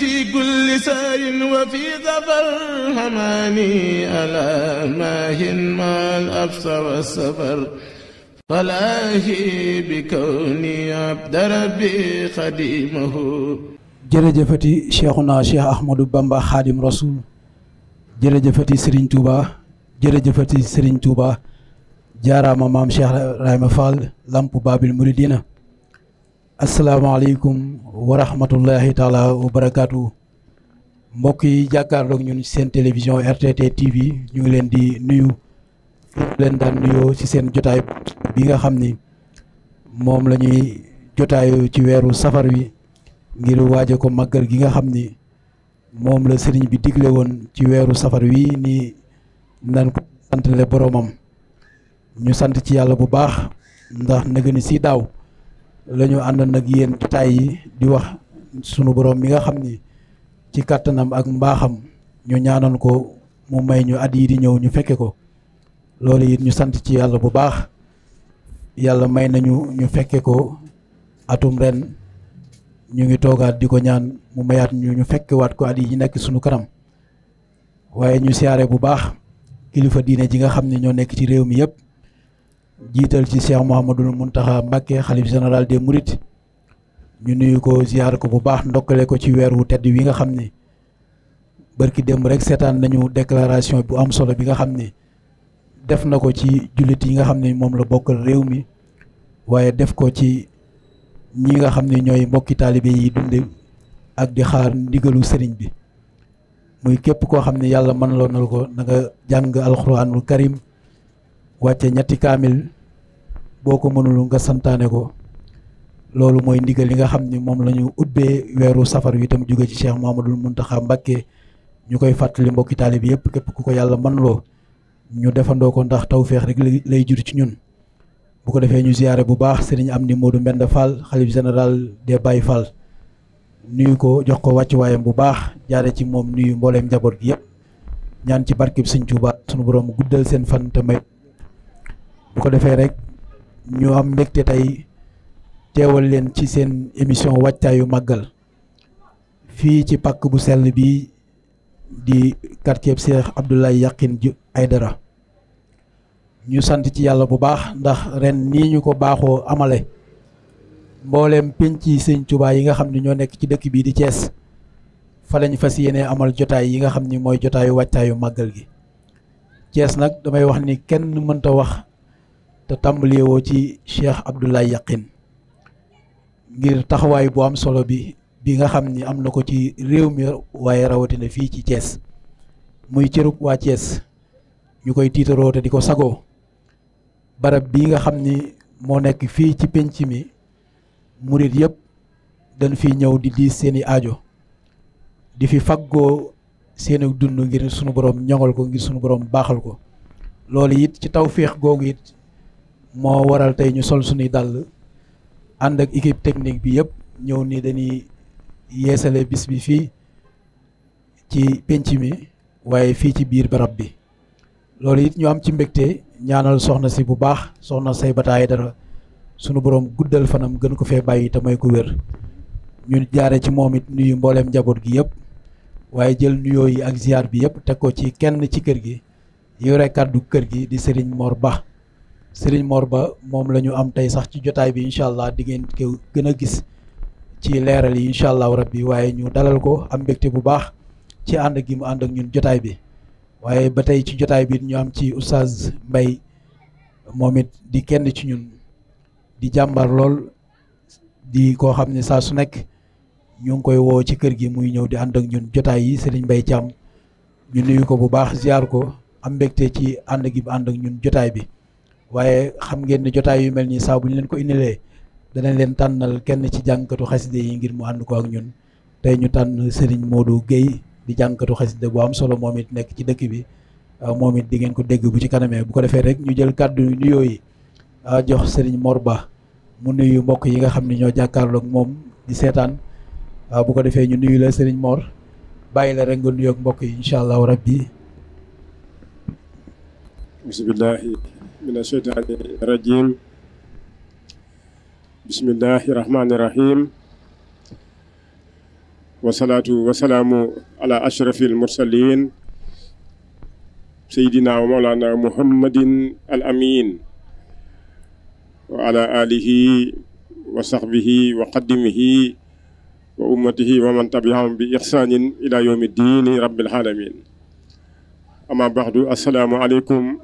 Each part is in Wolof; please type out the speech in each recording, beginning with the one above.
في كل سار وفي ظفر حماني ألا ماهن ما الأبس والسفر فلاهي بكوني عبد ربي خديمه jërëjëfati Cheikhuna Cheikh Ahmadou Bamba Xaadim Rasul jërëjëfati Serigne Touba jërëjëfati Serigne maam Cheikh Rahima Fall Lamp Babil Mouridina asalaamaaleykum wa rahmatullahi taala wa barakaatu mbokk yi jàkkaarloog ñun seen télévision RTT TV ñu ngi leen di nuyu leen daan nuyoo ci seen jotaay bi nga xam ni moom la ñuy jotaayu safar wi ngir waaje ko màggal gi nga xam ni moom la sëriñ bi digle woon ci weeru safar wi ni nan ko santale boromam ñu sant ci yàlla bu baax ndax nëgëni si daaw lañu ñu àndoon ak yéen tay yi di wax sunu borom mi nga xam ni ci kàttanam ak mbaaxam ñu ñaanoon ko mu may ñu at yii di ñëw ñu fekke ko loolu it ñu sant ci yàlla bu baax yàlla may nañu ñu fekke ko atum ren ñu ngi toogaat di ko ñaan mu mayaat ñu ñu fekkewaat ko at yi nekk sunu kanam waaye ñu siyaare bu baax kilifa diine ji nga xam ne ñoo nekk ci réew mi yëpp. jiital ci Cheikh Mouhamadul Mountakha Mbacké xalif général des Mourides ñu nuyu ko ziar ko bu baax ndokkale ko ci weer wu tedd wi nga xam ne barki démb rek seetaan nañu déclaration bu am solo bi nga xam ne def na ko ci jullit yi nga xam ne moom la bokkal réew mi waaye def ko ci ñi nga xam ne ñooy mbokki taalibe yi dunde ak di xaar ndigalu sëriñ bi muy képp koo xam ne yàlla mën loo nal ko na nga jàng alxuraanul karim wàcce ñetti kaamil boo ko mënul nga santaane ko loolu mooy ndigal li nga xam ni moom lañu ñu ubbee weeru safar wi itam jóge ci Cheikh Mouhamadoul Mountakha Mbacké ñu koy fàttali mbokki taalib yëpp képp ku ko yàlla man ñu defandoo ko ndax tawféex rek lay jur ci ñun bu ko defee ñu ziyaare bu baax sëriñ am ni Modou Mbend Fall xalif général des Baye Fall nuyu ko jox ko wàccuwaayam bu baax jaare ci moom nuyu mbooleem njaboot gi yëpp ñaan ci barkeb Sëriñ Tuubaa sunu borom guddal seen fan te may bu ko defee rek ñu am mbégte tey teewal leen ci seen émission wàccaayu màggal fii ci pàkk bu sell bii di quartier Cheikh Abdoulaye ay dara ñu sant ci yàlla bu baax ndax ren nii ñu ko baaxoo amale mbooleem penc yi sëñ Tuubaa yi nga xam ne ñoo nekk ci dëkk bii di Thiès fa lañ fas yéenee amal jotaay yi nga xam ni mooy jotaayu wàccaayu màggal gi Thiès nag damay wax ni kenn mënta wax te tàmbaleewoo ci Cheikh Abdoulaye Yaqin ngir taxawaay bu am solo bi bi nga xam ni am na ko ci réew mi waaye rawatina fii ci Thiès muy cërub waa Thiès ñu koy tiitaroo te di ko sagoo barab bii nga xam ni moo nekk fii ci penc mi murit yépp dañ fi ñëw di diis seeni aajo di fi faggoo seeni dund ngir sunu borom ñoŋal ko ngir sunu borom baaxal ko loolu it ci tawféex googu it moo waral tey ñu sol suñuy dàll ànd ak équipe technique bi yëpp ñëw ni dañuy yeesale bis bi fii ci penc mi waaye fii ci biir barab bi loolu it ñu am ci mbégte ñaanal soxna si bu baax soxna say bataay dara sunu borom guddal fanam gën ko fee bàyyi te may ko wér ñu jaare ci moom it nuyu mbooleem njaboot gi yëpp waaye jël nuyoo yi ak ziar bi yëpp teg ko ci kenn ci kër gi yore kàddu kër gi di Serigne Mor baax Serigne moor Ba moom la ñu am tey sax ci jotaay bi incha allah di ngeen ko gën a gis ci leeral yi incha allah bi waaye ñu dalal ko am mbégte bu baax ci ànd gi mu ànd ak ñun jotaay bi waaye ba tey ci jotaay bi ñu am ci oustaz Mbaye moom it di kenn ci ñun di jàmbar lool di koo xam ne saa su nekk ñu ngi koy woo ci kër gi muy ñëw di ànd ak ñun jotaay yi Serigne Mbaye Thiam ñu nuyu ko bu baax ziar ko am mbégte ci ànd gi mu ànd ak ñun jotaay bi. waaye xam ngeen ne jotaay yu mel nii saa bu ñu leen ko indilee danañ leen tànnal kenn ci jànkatu xaside yi ngir mu ànd ko ak ñun tey ñu tànn Serigne Modou Guèye di jànkatu xaside bu am solo moom it nekk ci dëkk bi ah, moom it di ngeen ko dégg bu ci kanamee bu ko defee rek ñu jël kàddu nuyoo yi ah, jox Serigne Mor Ba mu nuyu mbokk yi nga xam ne ñoo jàkkaarloog moom di seetaan ah, bu ko defee ñu nuyu la sëriñ moor bàyyi la rek nga nuyoog mbokk yi incha allahu rabbi bismillahi mina sheytaani rajiim bismillaahi rahmaani rahiim wasalaatu wasalaamu ala ashrafil mursaliin seydina wa mawlaana muhammadin al amiin wa ala aalihi wa saxbihi wa xaddimihi wa ummatihi wa man tabiahum bi ixsaanin ila yawmi diini rabbil aalamiin amaa baxdu assalaamu aleykum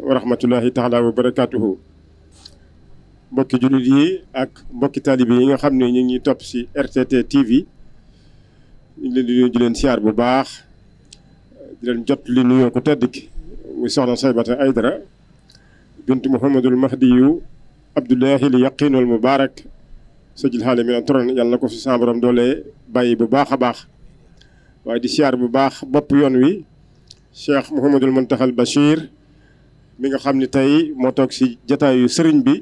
wa rahmatullahi taala wa barakaatuhu mbokki jullit yi ak mbokki taalibe yi nga xam ne ñu ngi topp si RTT TV ñu ngi leen di nuyu di leen siyaar bu baax di leen jot li nuyoo ko tedd ki muy soxna Saybata Aydara bintu Muhammadul Mahdiyu Abdullahi li yaqinul mubaarak sajil xaale mi turon yàlla na ko fi sàmbaram doole bàyyi bu baax a baax waaye di siyaar bu baax bopp yoon wi Cheikh Mouhamadul Muntaxal Bachir mi nga xam ni tey moo toog si jataayu sëriñ bi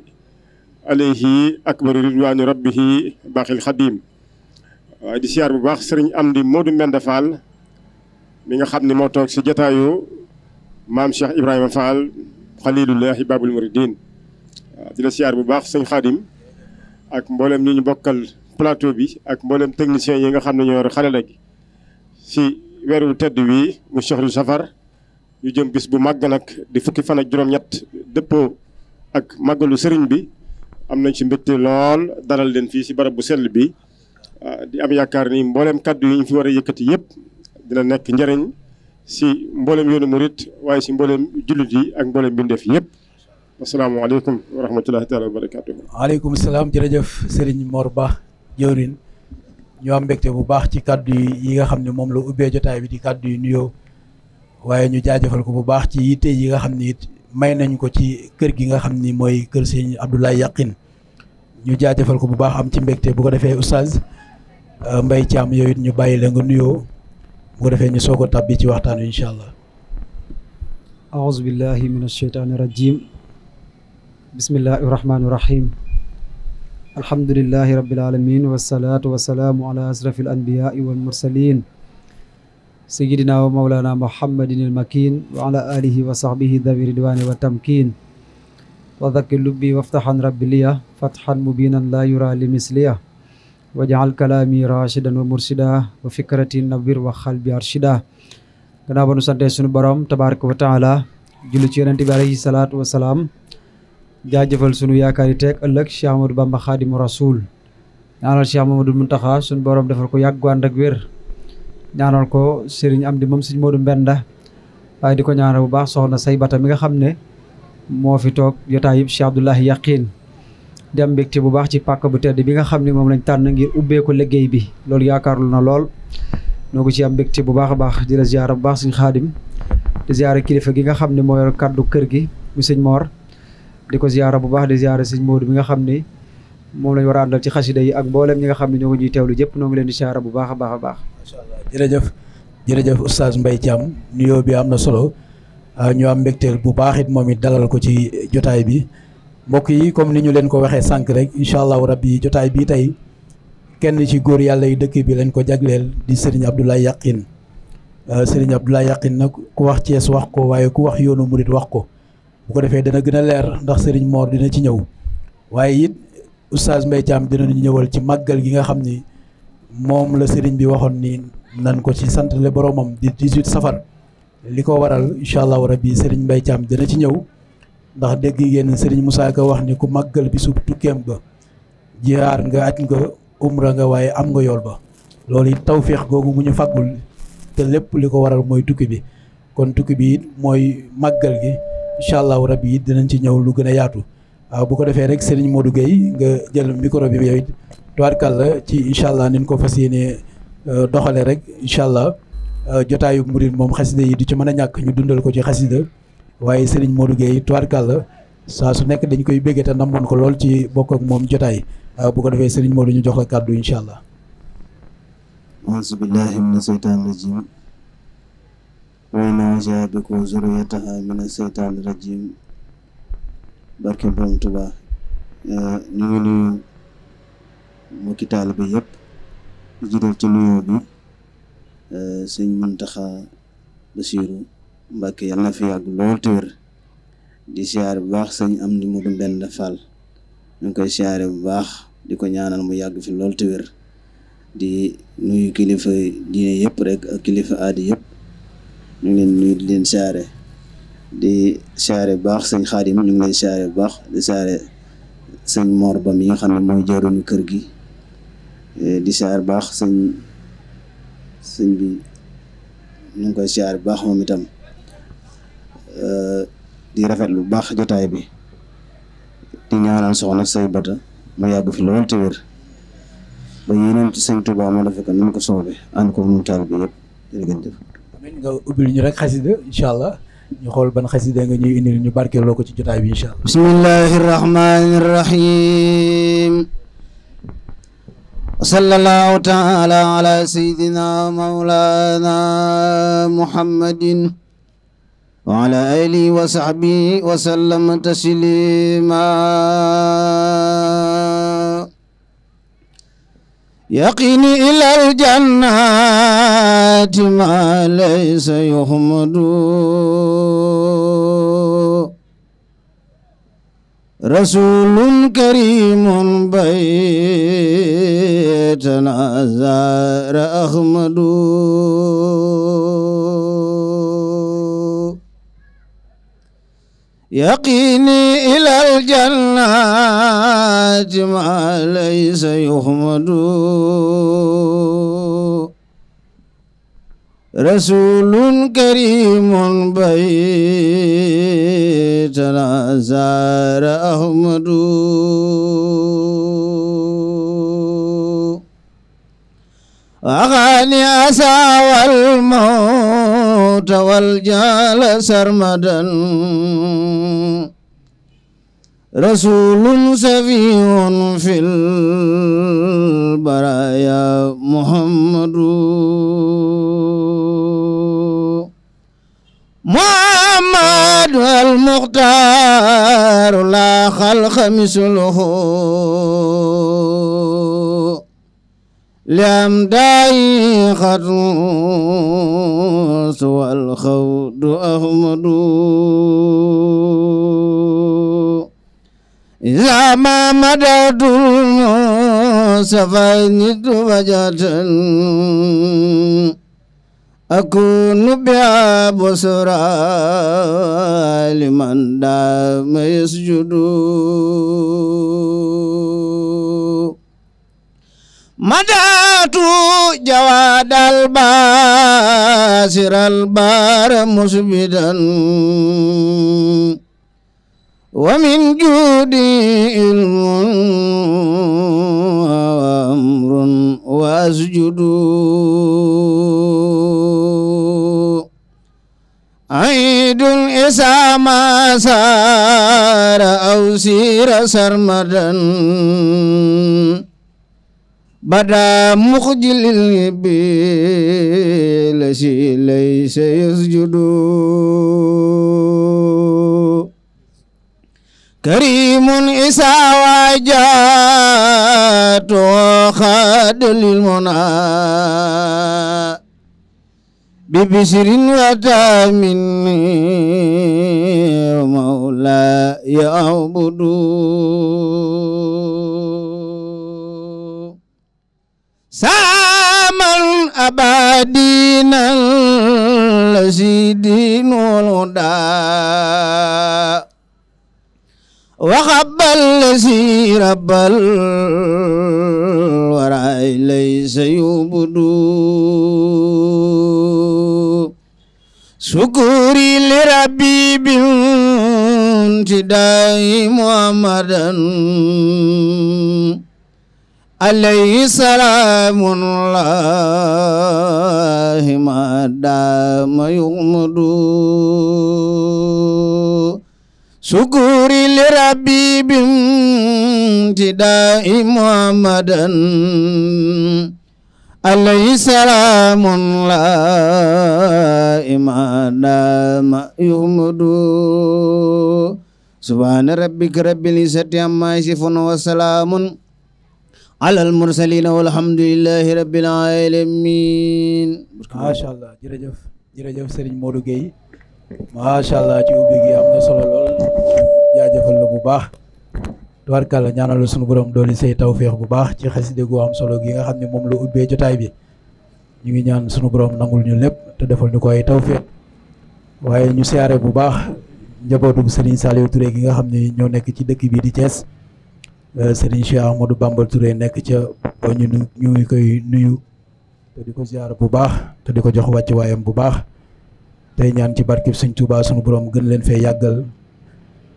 ak alayhi akbaru ridwaani bi baaxil xadiim waaye di siyaar bu baax sëriñ Amdi Modou Mbenda Fall mi nga xam ni moo toog si jataayu maam Cheikh Ibrahima Fall xalilullahi baabul muridin waaw di la siyaar bu baax sëñ Xaadim ak mboolem ñi ñu bokkal plateau bi ak mboolem techniciens yi nga xam ne ñoo yor xarala gi si weeru tedd wi mu Cheikhul Safar ñu jëm bis bu màgg nag di fukki fan a juróom-ñett dëppoo ak màggalu sëriñ bi am nañ ci mbégte lool dalal leen fii ci barab bu sell bi ah, di am yaakaar ni mbooleem kàddu yi ñu fi war a yëkkati yëpp dina nekk njariñ si mbooleem yoonu murit waaye ci mbooleem jullit yi ak mbooleem bindeef yëpp asalaamaaleykum wa rahmatulahi taala wa barakaatu. waaleykum salaam jërëjëf Serigne Mor baax jëwrin ñu am mbégte bu baax ci kàddu yi nga xam ne moom la ubbee jotaay bi di kàddu yi nuyoo. waaye ñu jaajëfal ko bu baax ci yitte yi nga xam ni it may nañ ko ci kër gi nga xam ni mooy kër sëñ Abdoulaye Yaqin ñu jaajëfal ko bu baax am ci mbégte bu ko defee oustaz euh, mbay Thiam yooyu it ñu bàyyi la nga nuyoo bu ko defee ñu soog a tàbbi ci waxtaan wi incha allah. aouzu billahi min asheytaani rajim bismillahi rahmaani rahim alhamdulillahi rabbil alamin wasalaatu wasalaamu ala asrafi al anbiyaai wal mursalin سيدنا ومولانا محمد المكين وعلى آله وصحبه ذوي الردوان والتمكين وذكر لبي وافتح عن رب لي فتحا مبينا لا يرى لمثليه واجعل كلامي راشدا ومرشدا وفكرتي نبير وقلبي أرشدا gannaaw ba nu sante sunu borom tabaraka wa taala julli ci yonente bi alayhi salaatu wa salaam jaajëfal sunu yaakaari teeg ëllëg Cheikh Amadou Bamba Xaadimu Rasul ñaanal Cheikh Mamadou Muntaxa sunu borom defal ko yàggu ànd ak wér ñaanal ko am Amdi moom Serigne Modou Mbenda waaye di ko ñaanal bu baax soxna say bata mi nga xam ne moo fi toog jotaay yëpp Cheikh Abdoulahi Yaqin di am mbégte bu baax ci pàkk bu tedd bi nga xam ne moom lañ tànn ngir ubbee liggéey bi loolu na lool noo ko ci am bu baax a baax di la ziara bu baax Serigne Khadim di kilifa gi nga xam ne moo yor kàddu kër gi mu Serigne Mor di ko ziara bu baax di ziara Serigne Modou mi nga xam ne moom lañ war a àndal ci xasida yi ak mboolem ñi nga xam ne ñoo ngi ñuy teewlu jëpp noo ngi leen di ziara bu baax a baax a baax macha jërëjëf jërëjëf oustaz Mbaye Thiam nuyoo bi am na solo ah, ñu am mbégteel bu baax it moom it dalal ko ci jotaay bi mbokk yi comme ni ñu leen ko waxee sànq rek incha allahu rabbi jotaay bii tey kenn ci góor yàlla yi dëkk bi lañ ko jagleel di Serigne Abdoulaye Yakhine ah, Serigne Abdoulaye Yakhine nag ku wax cees wax ko waaye ku wax yoonu murit wax ko bu ko defee dana gën a leer ndax sëriñ Mor dina ci ñëw waaye it oustaz Mbaye Thiam dinañu ñëwal ci màggal gi nga xam ni moom la sëriñ bi waxoon ni nan ko ci sant le boromam di 18 safar li ko waral incha rab rabbi sëriñ Mbaye Thiam dina ci ñëw ndax dégg génn sëriñ Moussa ko wax ni ku màggal bi su tukkeem ba jiyaar nga aj nga umra nga waaye am nga yool ba loolu it tawféex googu mu ñu fàggul te lépp li ko waral mooy tukki bi kon tukki bi it mooy màggal gi incha rab rabbi it dinañ ci ñëw lu gën a yaatu waaw bu ko defee rek sëriñ Modou Gueye nga jël micro bi yow tubaarkàlla ci incha allah ko fas yéene euh, doxale rek incha allah euh, jotaayu murit moom xasida yi du ci mën a ñàkk ñu dundal ko ci xasida waaye Serigne Modou Gueye tubaarkàlla saa su nekk dañ koy béggee te namoon ko lool ci bokk ak moom jotaay bu ko defee Serigne Modou ñu jox la kàddu incha allah. auzu billahi mina seytaani rajim way mbokki taalibe yëpp di jiital ci nuyoo bi eh, sëñ Muntaxa Basiiru Mbàkke yàlla na fi yàgg lool te di siyaare bu baax sañ am di mu du benn Fall ñu ngi koy siyaare bu baax di ko ñaanal mu yàgg fi lool te di nuyu kilifa diine yëpp rekk ak kilifa aadi yëpp ñu ngi leen nuyu di leen siyaare di siyaare bu baax sëñ Xaadim ñu ngi lay siyaare bu baax di siyaare sëñ Mor Ba mi xam ne mooy jaaroonu kër gi Eh, di siyaar baax sëñ sëñ bi ñu koy siyaar bu baax moom itam eh, di rafet lu baax jotaay bi di ñaanal soxna say bata mu yàgg fi lool te wér ba yeneen ci sëñ Tuubaa ma ko ni mu ko soobee ànd ko mu taal bi yëpp jërëjëf amin nga ubbil ñu rek xasida incha allah ñu xool ban xasida nga ñuy indil ñu barkeeloo ko ci jotaay bi incha allah bismillahi rahmaani rahim وصلى الله تعالى على سيدنا ومولانا محمد وعلى آله وصحبه وسلم تسليما يقيني إلى الجنة ما ليس يخمد رسول كريم بيتنا زار أحمد يقيني إلى الجنة ما ليس يحمد رسول كريم بيت العزار أحمد أغاني أسى والموت والجال سرمدا رسول سفي في البرايا محمد محمد المختار لا خلق مثله لأمداي خرس والخود أحمد لا ما مدد المصطفين درجات أكون بها بصرا لمن دام يسجد مدات جواد الباسر البار مسبدا ومن جودي علم وأمر وأسجد عيد إذا ما سار أو سير سرمدا بدا مخجل البي لشي ليس يسجد كريم إسا وجات وخاد للمنى ببشر وتامن مولاي أعبد ساما الأبادين الذي دين والهدى وخب الذي رب الورى ليس يبدو شكري لربي بامتداء محمدا عليه سلام الله ما دام يغمد sukuri li rabbi bim ti daa'i muhammadan alayhi salaamun laa imaana ma yuhmadu subhaana rabbika rabbil izzati amma yasifun wa salaamun alal mursaliin walhamdulillahi rabbil aalamiin. Masha Allah jërëjëf jërëjëf Serigne Modou Gueye macha allah ci ubbi gi am na solo lool jaajëfal la bu baax tubarkàlla ñaanal la sunu borom dooli say tawféex bu baax ci xasida gu am solo gi nga xam ne moom la ubbee jotaay bi ñu ngi ñaan sunu borom nangul ñu lépp te defal ñu ko ay tawféex waaye ñu siyaare bu baax njabootu Serigne Saliou Touré gi nga xam ne ñoo nekk ci dëkk bii di Thiès euh, Serigne Cheikh du Bambal Touré nekk ca ñu ñu ngi koy nuyu te di ko ziar bu baax te di ko jox wàcc waayam bu baax. tey ñaan ci barkeb sëñ Touba sunu borom gën leen fee yàggal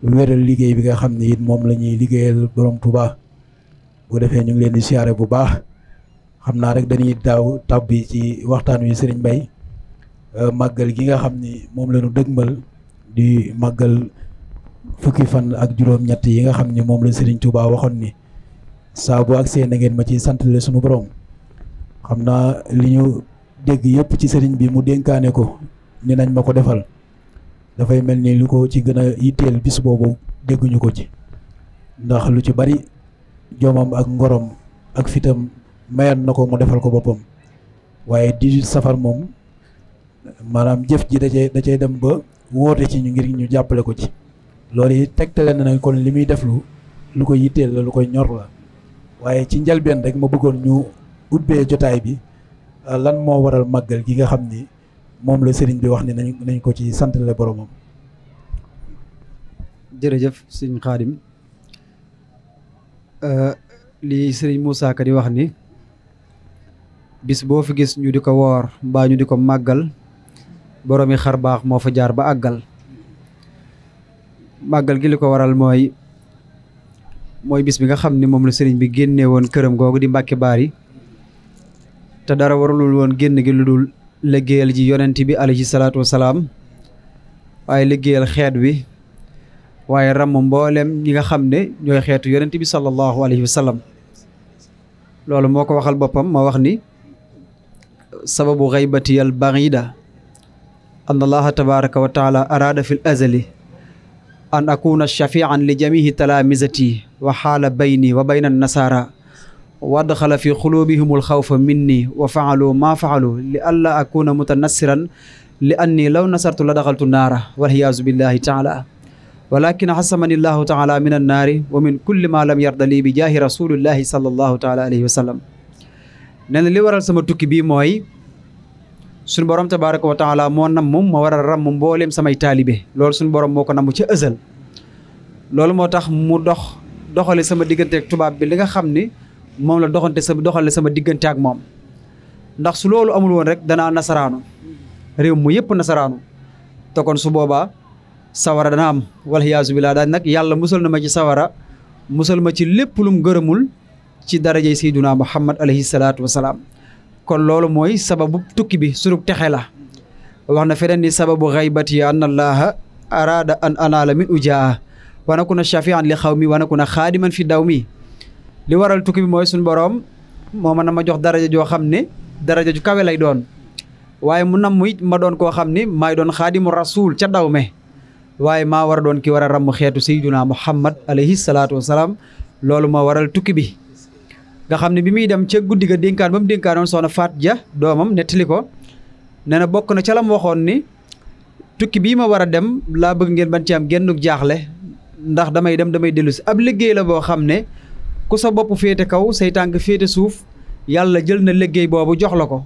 wéral liggéey bi nga xam ne it moom la ñuy liggéeyal borom Touba bu defee ñu ngi leen di siyaare bu baax xam naa rek dañuy daaw tàbbi ci waxtaan wi Serigne Mbaye euh, màggal gi nga xam ni moom la ñu dëgmal di màggal fukki fan ak juróom-ñett yi nga xam ni moom la Serigne Touba waxoon ni saa ak seen na ngeen ma ci sant le sunu borom xam naa li ñu dégg yëpp ci Serigne bi mu dénkaane ko ni nañ ma ko defal dafay mel ni lu ko ci gën a yitteel bis boobu dégguñu ko ci ndax lu ci bari joomam ak ngorom ak fitam mayan na ko mu defal ko boppam waaye di safar moom maanaam jëf ji da cee da cee dem ba woote ci ñu ngir ñu jàppale ko ci loolu yi tegtale na kon li muy def lu lu ko yitteel la lu koy ñor la waaye ci njalbeen rek ma bëggoon ñu ubbee jotaay bi lan moo waral màggal gi nga xam ni moom la sëriñ bi wax ni nañ nañ ko ci santale boromam. jërëjëf sëriñ Xaadim euh, lii sëriñ Moussa Ka di wax ni bis boo fi gis ñu di ko woor mbaa ñu di ko màggal boromi xar baax moo fa jaar ba àggal màggal gi li ko waral mooy mooy bis bi nga xam ni moom la sëriñ bi génne woon këram googu di Mbàkke Baari te dara waralul woon génn gi lu dul liggéeyal ji yonent bi alayhi salaatu salaam waaye liggéeyal xeet wi waaye ramm mboolem ñi nga xam ne ñooy xeetu yonent bi sallallahu alayhi wa sallam loolu moo ko waxal boppam ma wax ni sababu xaybatiyal barida an allaha tabaraka wa taala araada fi l azali an akuna shafian li jamihi talaamisati wa xaala bayni wa bayna nasara wadxala fi xuluubihimul xawfa minni wa faalu maa faalu li alla akuna mutanassiran li anni law nasartu la daxaltu naara waliyaasu billahi taala walakin xasamani llahu taala min annaari wa min kulli ma lam yarda lii bi jaahi rasulillahi sallallahu taala alayhi wa sallam nee na li waral sama tukki bii mooy suñu borom tabaraka wa taala moo nam mum ma war a ramm mbooleem samay taalibe loolu suñu borom moo ko namm ca ësal loolu moo tax mu dox doxale sama digganteeg tubaab bi li nga xam ni moom la doxante sa doxale sama diggante ak moom ndax su loolu amul woon rek danaa nasaraanu réew mu yëpp nasaraanu te kon su boobaa sawara dana am wala yaasu bilaa daal nag yàlla musal na ma ci sawara musal ma ci lépp lum gërëmul ci darajay sayduna muhammad alayhi salaatu wasalaam kon loolu mooy sababu tukki bi surug texe la wax na feneen ni sababu xaybati an allaha araada an anaala min ujaa wa nakuna shafian li xaw mi wa nakuna xaadiman fi daw mi li waral tukki bi mooy suñu boroom moo mën na ma jox daraja joo xam ne daraja ju kawe lay doon waaye mu nam it ma doon koo xam ni maay doon xaadimu rasul ca daw me waaye maa war a doon ki war a ramm xeetu sayyiduna muhammad alayhi salaatu wasalaam loolu moo waral tukki bi nga xam ne bi muy dem ca guddi ga dénkaan ba mu dénkaanoon soxna Faat Ja doomam nettali ko nee na bokk na ca la mu waxoon ni tukki bii ma war a dem laa bëgg ngeen ban ci am gennuk jaaxle ndax damay dem damay dellusi ab liggéey la boo xam ne ku sa bopp féete kaw say tànk féete suuf yàlla jël na liggéey boobu jox la ko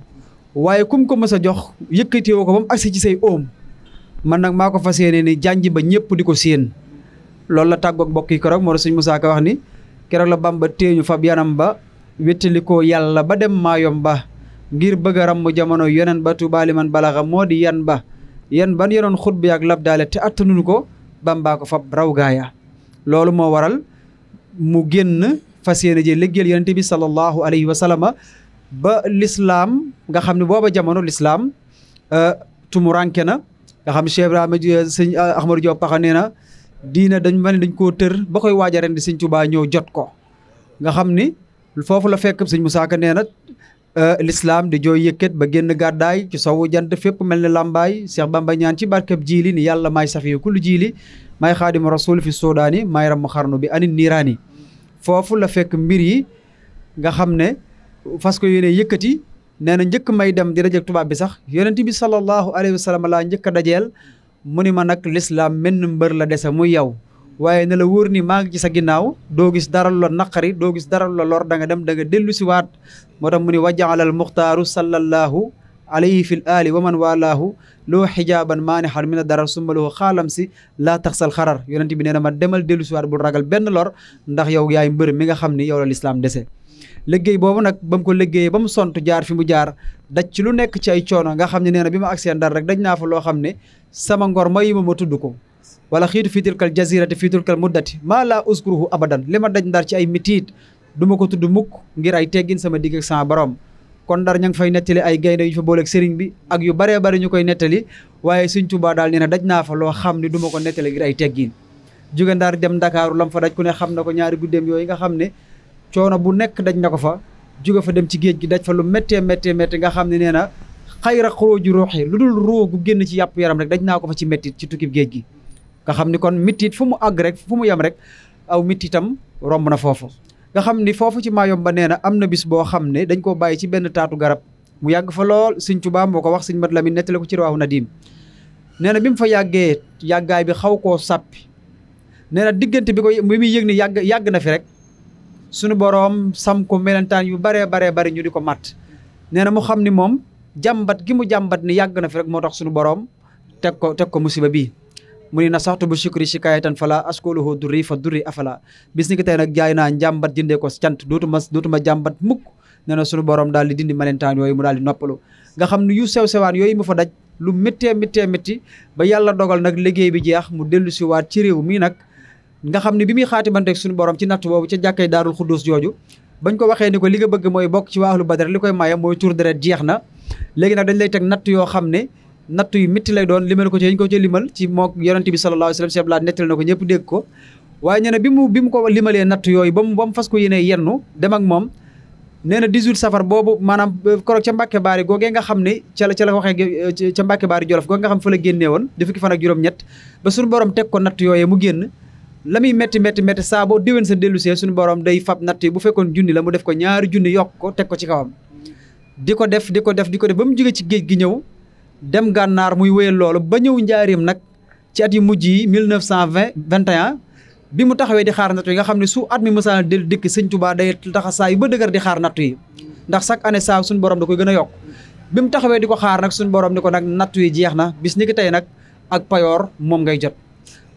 waaye kum ko mës a jox yëkkati woo ko ba mu agsi ci say oom man nag maa ko fas yéene ni jànj ba ñëpp di ko séen loolu la tàggook mbokk yi keroog moo tax sëñ Moussa Ka wax ni keroog la Bamba téeñu fab yanam ba wéttali ko yàlla ba dem maayom ba ngir bëgg a ràmm jamono yeneen ba tubaali man xam moo di yan ba yan ban yenoon xut bi ak lab daale te attanuñu ko Bamba ko fab fas yéene jee liggéeyal yonent bi sallallahu alayhi wa sallama ba lislaam nga xam ne booba jamono lislaam euh, tumuraanke na nga xam Cheikh Ibrahima euh, sëñ euh, Ahmadou Diop paxa nee na dañ mel dañ koo tër ba koy waaj a ren di sëñ ñëw jot ko nga xam ni foofu la fekk sëñ mu Ka nee na lislaam di jooy yëkkat ba génn gàddaay ci sowu jant fépp mel ni làmbaay Cheikh Bamba ñaan ci barkab jiili ni yàlla maay safiyu kullu jiili maay xaadimu rasul fi soodaani maay ramu xarnu bi anin niiraani foofu la fekk mbir yi nga xam ne fas ko yéene yëkkati nee na njëkk may dem di dajeek tubaab bi sax yonent bi sallallahu alayhi wa sallam laa njëkk a dajeel mu ni ma nag lislaam menn mbër la dese muy yow waaye ne la wóor ni maa ngi ci sa ginnaaw doo gis dara lu la naqari doo gis dara lu la lor danga dem da nga dellu si waat moo tax mu ni wajaala al muxtaaru sallallahu alayhi fi l ali wa man walaahu loo xijaaban maanixan min a darar summa lahu xaalam si laa taxsal xarar yonent bi nee na ma demal dellu siwaat bu ragal benn lor ndax yow yaay mbër mi nga xam ni yow la lislaam dese liggéey boobu nag ba mu ko liggéeyee ba mu sont jaar fi mu jaar daj ci lu nekk ci ay coono nga xam ne nee na bi ma agsee Ndar rek daj naa fa loo xam ne sama ngor yi ma ma tudd ko wala xiitu fii tilkal te fii tilkal muddati maa laa uskuruhu abadan li ma daj Ndar ci ay mitiit du ko tudd mukk ngir ay teggin sama digg ak sama borom kon ndar ña ngi fay nettali ay gaynde yu ñu fa booleeg sëriñ bi ak yu baree bari ñu koy nettali waaye Sëriñ Tuubaa daal nee na daj naa fa loo xam ne duma ma ko nettali ngir ay teggiin jóge ndar dem ndakaaru lam fa daj ku ne xam na ko ñaari guddeem yooyu nga xam ne coono bu nekk daj na ko fa jóge fa dem ci géej gi daj fa lu méttee méttee méttee nga xam ne nee na xayra xurooju ruuxi lu dul ruu gu génn ci yàpp yaram rek daj naa ko fa ci méttit ci tukkib géej gi nga xam ni kon méttit fu mu àgg rek fu mu yem rek aw méttitam romb na foofu nga xam ni foofu ci ba nee na am na bis boo xam ne dañ koo bàyyi ci benn taatu garab mu yàgg fa lool sëñ Tuubaa moo ko wax sëñ Mat Lamin nettali ko ci rawaaw Nadim nee na bi mu fa yàggee yàggaay bi xaw koo sàppi nee na diggante bi ko bi mu yëg ni yàgg yàgg na fi rek suñu boroom sam ko melentaan yu baree baree bari ñu di ko matt nee na mu xam ni moom jàmbat gi mu jàmbat ni yàgg na fi rek moo tax suñu boroom teg ko teg ko musiba bii mu ni na saxtu bu shukri shikayatan fala askuluhu durri fa durri afala bis ni ki tey nag jaay naa njàmbat jëndee ko cant dootuma dootuma jàmbat mukk nee na sunu borom daal di dindi malentaan yooyu mu daal di noppalu nga xam ne yu sew-sewaan yooyu mu fa daj lu méttee méttee métti ba yàlla dogal nag liggéey bi jeex mu dellu si waat ci réew mii nag nga xam ni bi muy xaatimanteeg suñu borom ci natt boobu ca jàkkay daarul xudduus jooju bañ ko waxee ni ko li nga bëgg mooy bokk ci waaxlu li koy maye mooy tur deret jeex na léegi nag dañ lay teg natt yoo xam ne natt yu métti lay doon limal ko ci ñu ko ci limal ci moo yonente bi sallallahu alayhi wa sallam ko ñëpp ko waaye nee na bi mu bi ko limalee natt yooyu ba mu ba mu fas ko yéene yennu dem ak moom nee na 18 safar boobu maanaam korog ca Mbàkke Baari nga xam ne ca la ca la waxee ca Mbàkke Baari Jolof nga xam fa la woon di fukki fan ak juróom ko natt yooyee mu génn la muy métti métti métti saa boo déwén sa dellu suñu borom day fab natt yi bu fekkoon junni la mu def ko ñaari junni yokk ko teg ko ci kawam di ko def di ko def di ko def ba mu jóge ci géej gi ñëw dem gànnaar muy wéyal loolu ba ñëw njaarim nag ci at yu mujj yi 1920 21 bi mu taxawee di xaar nattu yi nga xam ne su at mi mësaana del dikk sëñ Tuubaa day taxa saa yu ba dëgër di xaar nattu yi ndax chaque année saa suñu borom da koy gën a yokk bi mu taxawee di ko xaar nag suñu borom ni ko nag nattu yi jeex na bis ni ki tey nag ak payoor moom ngay jot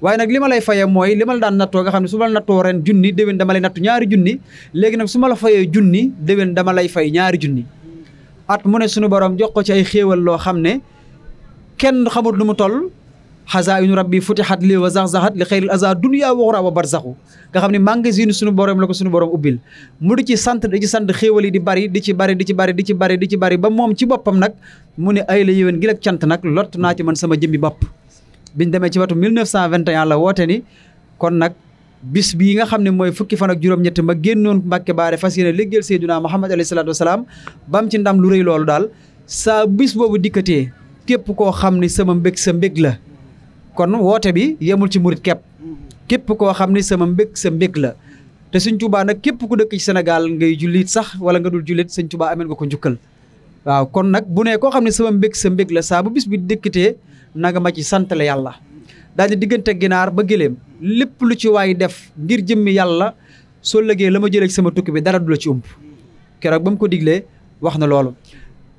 waaye nag li ma lay fayee mooy li ma la daan nattoo nga xam ne su ma la nattoo ren junni déwén dama lay nattu ñaari junni léegi su ma la fayee junni déwén dama lay fay ñaari junni at mu ne suñu borom jox ko ci ay xéewal loo xam ne kenn xamut lu mu toll xasaa inu rabbi futixat li wa zax-zaxat li xeyril aza dunya wa a wa barzaxu nga xam ne magasin suñu borom la ko suñu borom ubbil mu di ci sant di ci sant xéewal yi di bari di ci bari di ci bari di ci bari di ci bari ba moom ci boppam nag mu ne ay la yéwén gi ak cant nag lot naa ci man sama jëmmi bopp biñ demee ci watu 1921 la woote ni kon nag bis bii nga xam ne mooy fukki fan ak juróom-ñett ma génnoon Mbàkke Baare fas yéene léggéel Seydunaa Muhammad alayhi salaatu bam ci ndam lu rëy loolu daal saa bis boobu dikkatee képp koo xam ne sama mbég sa mbég la kon woote bi yemul ci murit képp képp koo xam ne sama mbég sa mbég la te sëñ Tuubaa nag képp ku dëkk ci Sénégal ngay jullit sax wala nga dul jullit sëñ Tuubaa amel nga ko njukkal waaw kon nag bu ne koo xam ne sama mbég sa mbég la saa bu bis bi dikkatee nanga ma ci santale yàlla daal di diggante ginaar ba gëléem lépp lu ci waay def ngir jëmmi yàlla soo lëgee la ma jëlee ci sama tukki bi dara du la ci ump keroog ba mu ko diglee wax na loolu.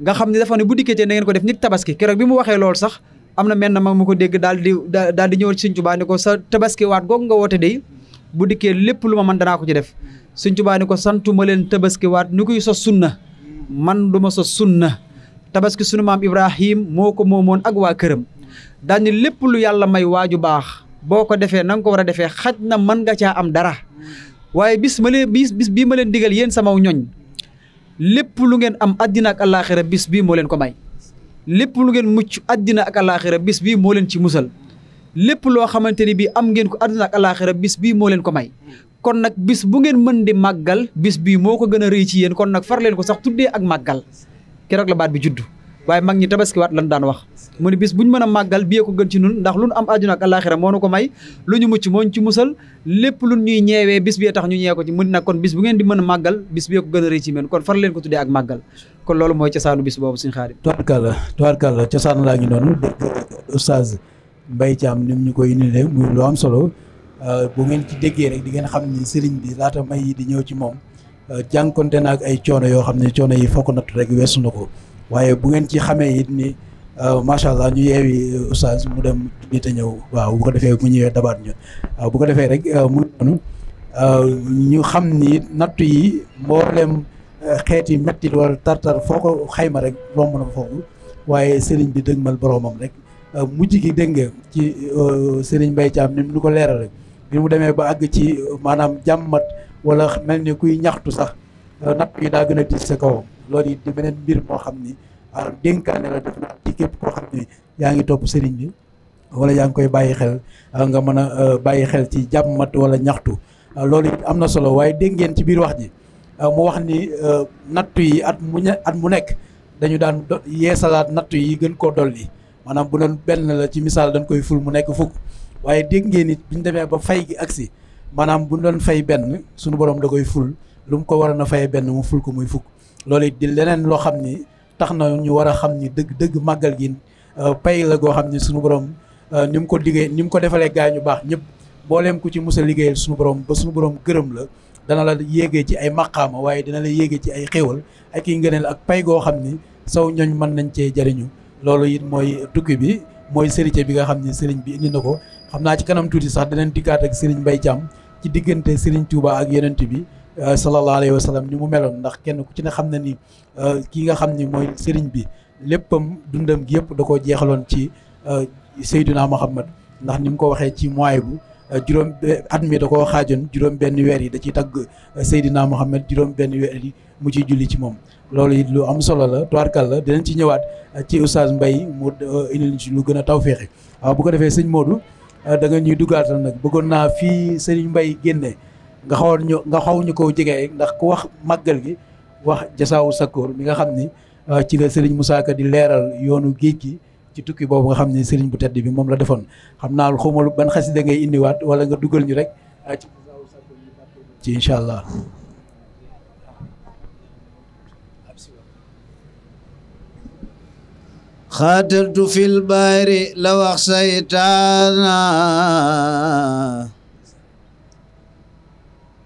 nga xam ne dafa ne bu dikkatee na nangeen ko def nit tabaski keroog bi mu waxee loolu sax am na menn mag mu ko dégg daal di daal di ñëw ci Sëñ Tuubaa sa tabaski waat goog nga woote day bu dikkee lépp lu ma mën danaa ko ci def Sëñ Tuubaa ko santu leen tabaski waat ni kuy sos sunna man du ma sos sunna tabaski sunu maam Ibrahim moo ko moomoon ak waa këram daal lépp lu yàlla may waaju baax boo ko defee na nga ko war a defee xaj na man nga caa am dara waaye bis ma leen bis bis bii ma leen digal yéen sama ñoñ lépp lu ngeen am addina ak àllaaxira bis bii moo leen ko may lépp lu ngeen mucc addina ak àllaaxira bis bii moo leen ci musal lépp loo xamante ni bii am ngeen ko àddina ak àllaaxira bis bii moo leen ko may kon nag bis bu ngeen mën di màggal bis bii moo ko gën a rëy ci yéen kon nag far leen ko sax tuddee ak màggal keroog la baat bi juddu waaye mag ñi tabaskiwaat lan daan wax mu ne bis buñ mën a màggal biyee ko gën ci nun ndax lun am àdduna ak àllaaxira moo nu ko may lu ñu mucc moo ñu ci musal lépp lu ñuy ñeewee bis bee tax ñu ñeew ko ci mu ne nag kon bis bu ngeen di mën a màggal bis biyee ko gën a rëy ci men leen ko tuddee ak màggal loolu mooy cosaanu bis boobu suñu xaarit tubaarkàlla tubaarkàlla cosaan laa ngi noonu dégg Oustaz Mbaye Thiam ni ñu koy indilee muy lu am solo euh, bu ngeen ci déggee rek di ngeen xam ni sëriñ bi laata may yi di ñëw ci moom euh, jànkonte na ak ay coono yoo xam ne coono yi fokk natt rek weesu na ko waaye bu ngeen ci xamee it ni euh, macha allah ñu yeewi euh, oustaz mu dem nit te ñëw waaw bu ko defee mu ñëwee dabaat ñu bu ko defee rek euh, mu noonu ñu xam ni nattu yi mboolem xeeti metti wala tartar foo ko xayma rek romb na foofu waaye sëriñ bi dëgmal boroomam rek mujj gi dégg nga ci sëriñ Mbaye Thiam ni mu ko leeral rek bi mu demee ba àgg ci maanaam jàmmat wala mel ni kuy ñaxtu sax natt yi daa gën a diis sa kawam loolu it di beneen mbir moo xam ni ah, dénkaane la def naa ci képp koo xam ne yaa ngi topp sëriñ bi wala yaa ngi koy bàyyi xel ah, nga mën a euh, bàyyi xel ci jàmmat wala ñaxtu ah, loolu it am na solo waaye dégg ngeen ci biir wax ji mu wax ni euh, nattu yi at mu mu nekk dañu daan yeesalaat nattu yi gën koo dolli maanaam bu doon benn ci misaal dañ koy ful mu nekk fukk waaye dégg ngeen it bu ñu demee ba fay gi agsi maanaam bu ñu doon fay benn sunu borom da koy ful lu mu ko waroon a fayee benn mu ful ko muy fukk loolu it di leneen loo xam ni tax na ñu war a xam ni dëgg dëgg màggal gi euh, pay la goo xam ni suñu borom euh, ni mu ko liggéey ni mu ko defalee gaa ñu baax ñëpp mbooleem ko ci mos a liggéeyal suñu borom ba suñu borom gërëm la dana la yéegee ci ay maqaama waaye dana la yéegee ci ay xéewal ak i ngeneen ak pay goo xam ni saw ñooñ mën nañ cee jariñu loolu it mooy tukki bi mooy sérité bi nga xam ni sëriñ bi indi na ko xam naa ci kanam tuuti sax danañ dikkaat ak sëriñ Mbay Caam ci diggante sëriñ Tuuba ak yonent bi Euh, sallallahu alayhi wa sallam ni mu meloon ndax kenn ku ci ne xam na ni euh, kii nga xam ni mooy sëriñ bi léppam dundam gi yëpp da koo jeexaloon ci euh, Seydina Muhammad ndax ni mu ko waxee ci moy bu juróom at mi da ko xaajoon juróom benn weer yi da ciy tagg Seydina Muhammad juróom benn weer yi mu ciy julli ci moom loolu it lu am solo la tuwaarkal la dinañ ci ñëwaat ci Oustaz mbay mu indil ci lu gën a tawféexe waaw bu ko defee sëñ Modou da nga ñuy dugaatal nag bëggoon naa fii sëriñ Mbaye génne nga nga xaw ñu koo jege ndax ku wax màggal gi wax jasaawu sakkoor mi nga xam ni ah, ci la Serigne Moussa di leeral yoonu géej gi ci tukki boobu nga xam ni Serigne bu tedd bi moom la defoon xam naa xaw ma ban xasida ngay indiwaat wala nga dugal ñu rek ah, ci ci incha la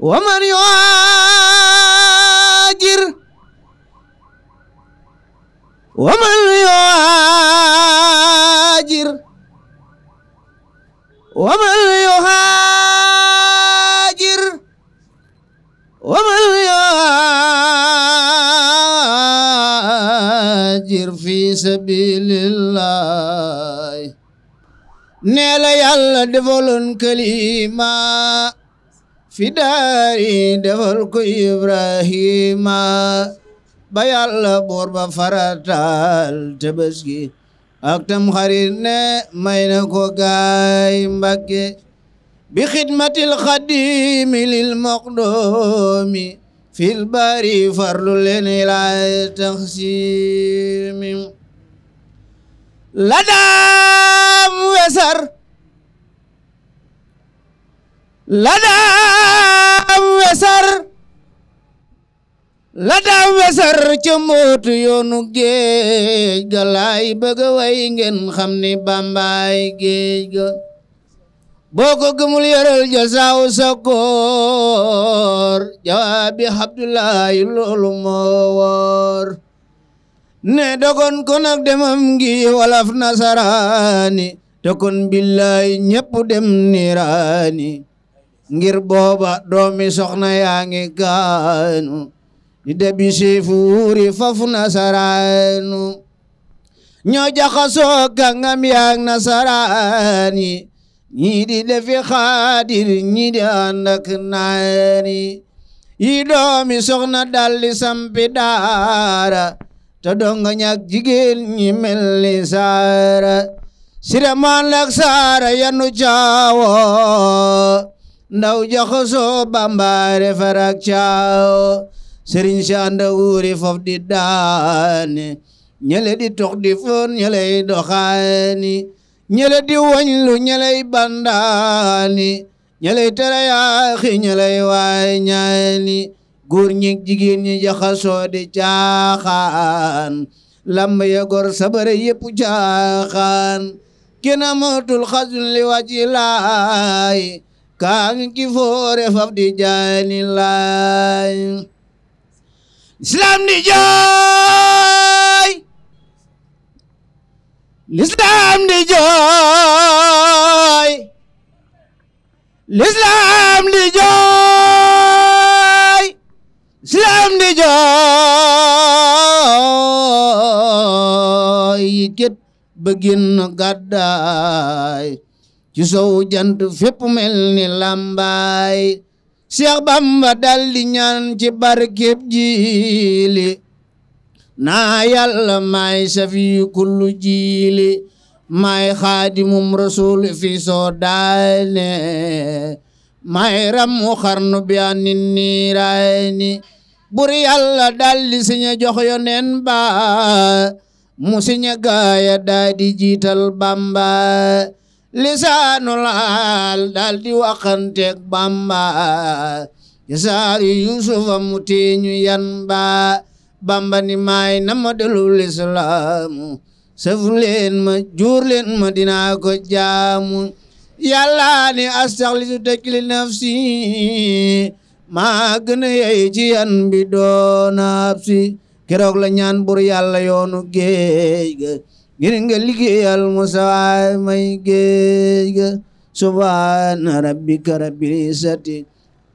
ومن يهاجر ومن يهاجر ومن يهاجر ومن يهاجر في سبيل الله نال يالا دفولن كلمه fi daari defal ko ibrahima ba yàlla buur ba faratal tabaski ak tam xarit ne may na ko gaay mbakke bi xidmatil xadimi lil maqdoomi fil bari farlu leen ilaa taxsimi la wesar ladaam wesar ladaam wesar ca mootu yoonu géej ga laay bëgg a ngeen xam ni bàmbaay géej ga boo ko gëmul yoral jasaaw sa koor jawaabi Abdullaahi loolu moo ne dogon ko nag demam ngi walaf nasaraani te billaay ñépp dem niraani ngir booba doomi soxna yaa ngi gaanu di debisi fuuri fafu nasaraanu ñoo jaxasoo kàngam yaag nasaraani ñii di defi xaadir ñii di ànd naani yi doomi soxna dalli sampi daara te donga ñak jigéen ñi mel ni saara siramaan lak saara yanu caawo ndaw jaxasoo bambaare farak caaw sëriñ saanda wuuri fof di daane ñele di tox di foon ñeley doxaani ñele di wañlu ñeley bandaani ñeley terayaaxi ñeley waay ñaani góor ñi jigéen ñi jaxasoo di caaxaan lamb ya gor sabare yépp caaxaan kenn amatul xasul li wàcci laay kaang ki foore faf di jaani laay lislaam di jooy lislaam di jooy lislaam di jooy lislaam di jooy yit ci sow jant fépp mel ni làmbaay Seex Bamba dal di ñaan ci barkeb jiili naa yàlla maay safi kullu jiili maay xaadimum rasul fi soo daane maay rammu xarnu bi a nin niiraani bur yàlla dal di siñe jox yonen ba mu siñe gaaya daa jiital Bamba lisaanul haal daal di waxanteeg bamba jasaari yusufa mu teeñu yan ba bamba ni maay na ma delu lislaamu sëf leen ma juur leen ma dinaa ko jaamu yàlla ni astaxlisu tekli nafsi maa gën a yey ci yan si keroog la ñaan bur yàlla yoonu géej ngir nga liggéeyal musawaay may géej ga subhaana rabbika rabbil izzati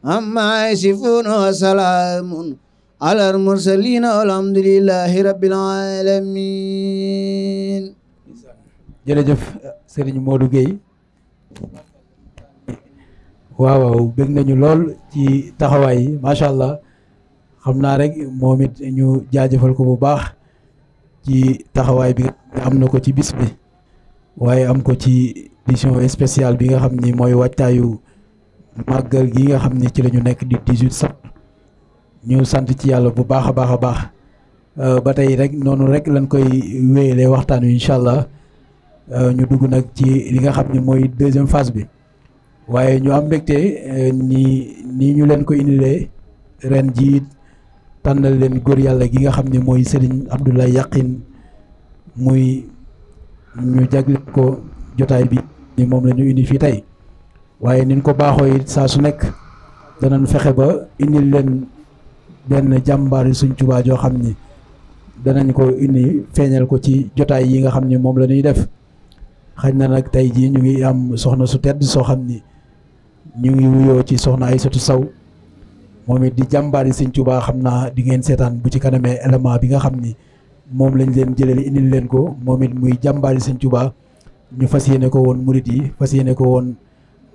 amma yasifuun wa salaamun alal mursaliin walhamdulillahi rabbil aalamiin jërëjëf Sëriñ Modou Gueye waaw waaw bëgg nañu lool ci taxawaay yi allah xam naa rek moom ñu jaajëfal ko bu baax ci taxawaay bi am na ko ci bis bi waaye am ko ci édition spéciale bi nga xam ni mooy waajtaayu màggal gi nga xam ni ci lañu nekk di 18 Safar ñu sant ci yàlla bu baax a baax a baax euh, ba tey rek noonu rek lañ koy wéyalee waxtaan wi incha allah euh, ñu dugg nag ci li nga xam ni mooy deuxième phase bi waaye ñu am mbégte euh, nii ni ñu leen ko indilee ren jiit tànnal leen góor yàlla gi nga xam ni mooy Serigne Abdoulaye Yakhine muy ñu jagleel ko jotaay bi ni moom lañu indi fii tey waaye niñ ko baaxoo it saa su nekk danañ fexe ba indi leen benn jàmbaari suñ Tuubaa joo xam ni danañ ko indi feeñal ko ci jotaay yi nga xam ni moom la ñuy def xaj na nag tey jii ñu ngi am soxna su tedd soo xam ni ñu ngi wuyoo ci soxna Aysatu Saw moom it di jàmbaari suñ Tuubaa xam naa di ngeen seetaan bu ci kanamee élément bi nga xam ni moom lañ leen jëlee indil leen ko moom it muy jàmbaari sëñ Tuubaa ñu fas yéene ko woon murit yi fas yéene ko woon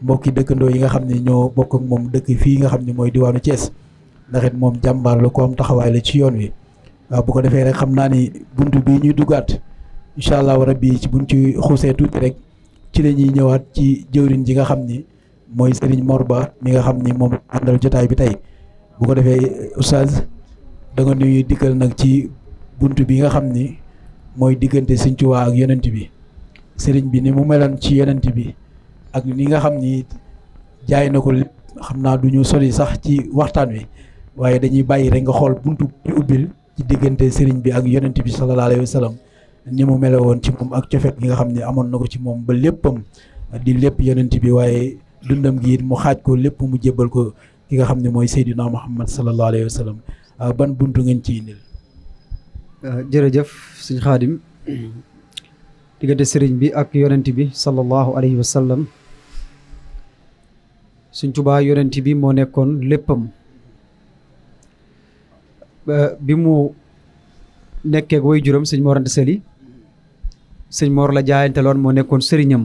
mbokki dëkkandoo yi nga xam ne ñoo bokk ak moom dëkk fii nga xam ne mooy diwaanu Thiès ndax it moom jàmbaar la ko taxawaay la ci yoon wi. bu ko defee rek xam naa ni buntu bii ñuy duggaat incha allah rabbi ci buñ ci xuusee tuuti rek ci la ñuy ñëwaat ci jëwriñ ji nga xam ni mooy Serigne Mor Ba mi nga xam ni moom àndal jotaay bi tey bu ko defee oustaz da nuyu dikkal nag ci. bunt bi nga xam ni mooy diggante Sëñ ak yonent bi sëriñ bi ni mu meloon ci yonent bi ak ni nga xam ni jaay na ko lépp xam naa duñu ñu sax ci waxtaan wi waaye dañuy bàyyi rek nga xool buntu bi ubbil ci diggante sëriñ bi ak yonent bi sallallahu alayhi wa sallam ni mu mele woon ci moom ak cofet gi nga xam ne amoon na ko ci moom ba léppam di lépp yonent bi waaye dundam gi it mu xaaj ko lépp mu jébbal ko ki nga xam ne mooy Seydina Muhammad sallallahu alayhi wa sallam ah, ban buntu ngeen ci Euh, jërëjëf sëñ xaadim diggante sëriñ bi ak yonent bi sallallahu alayhi wa sallam sëñ Tuubaa yonent bi moo nekkoon léppam bi mu nekkee way juróom sëñ Mor Anta Sali sëñ la jaayante moo nekkoon sëriñam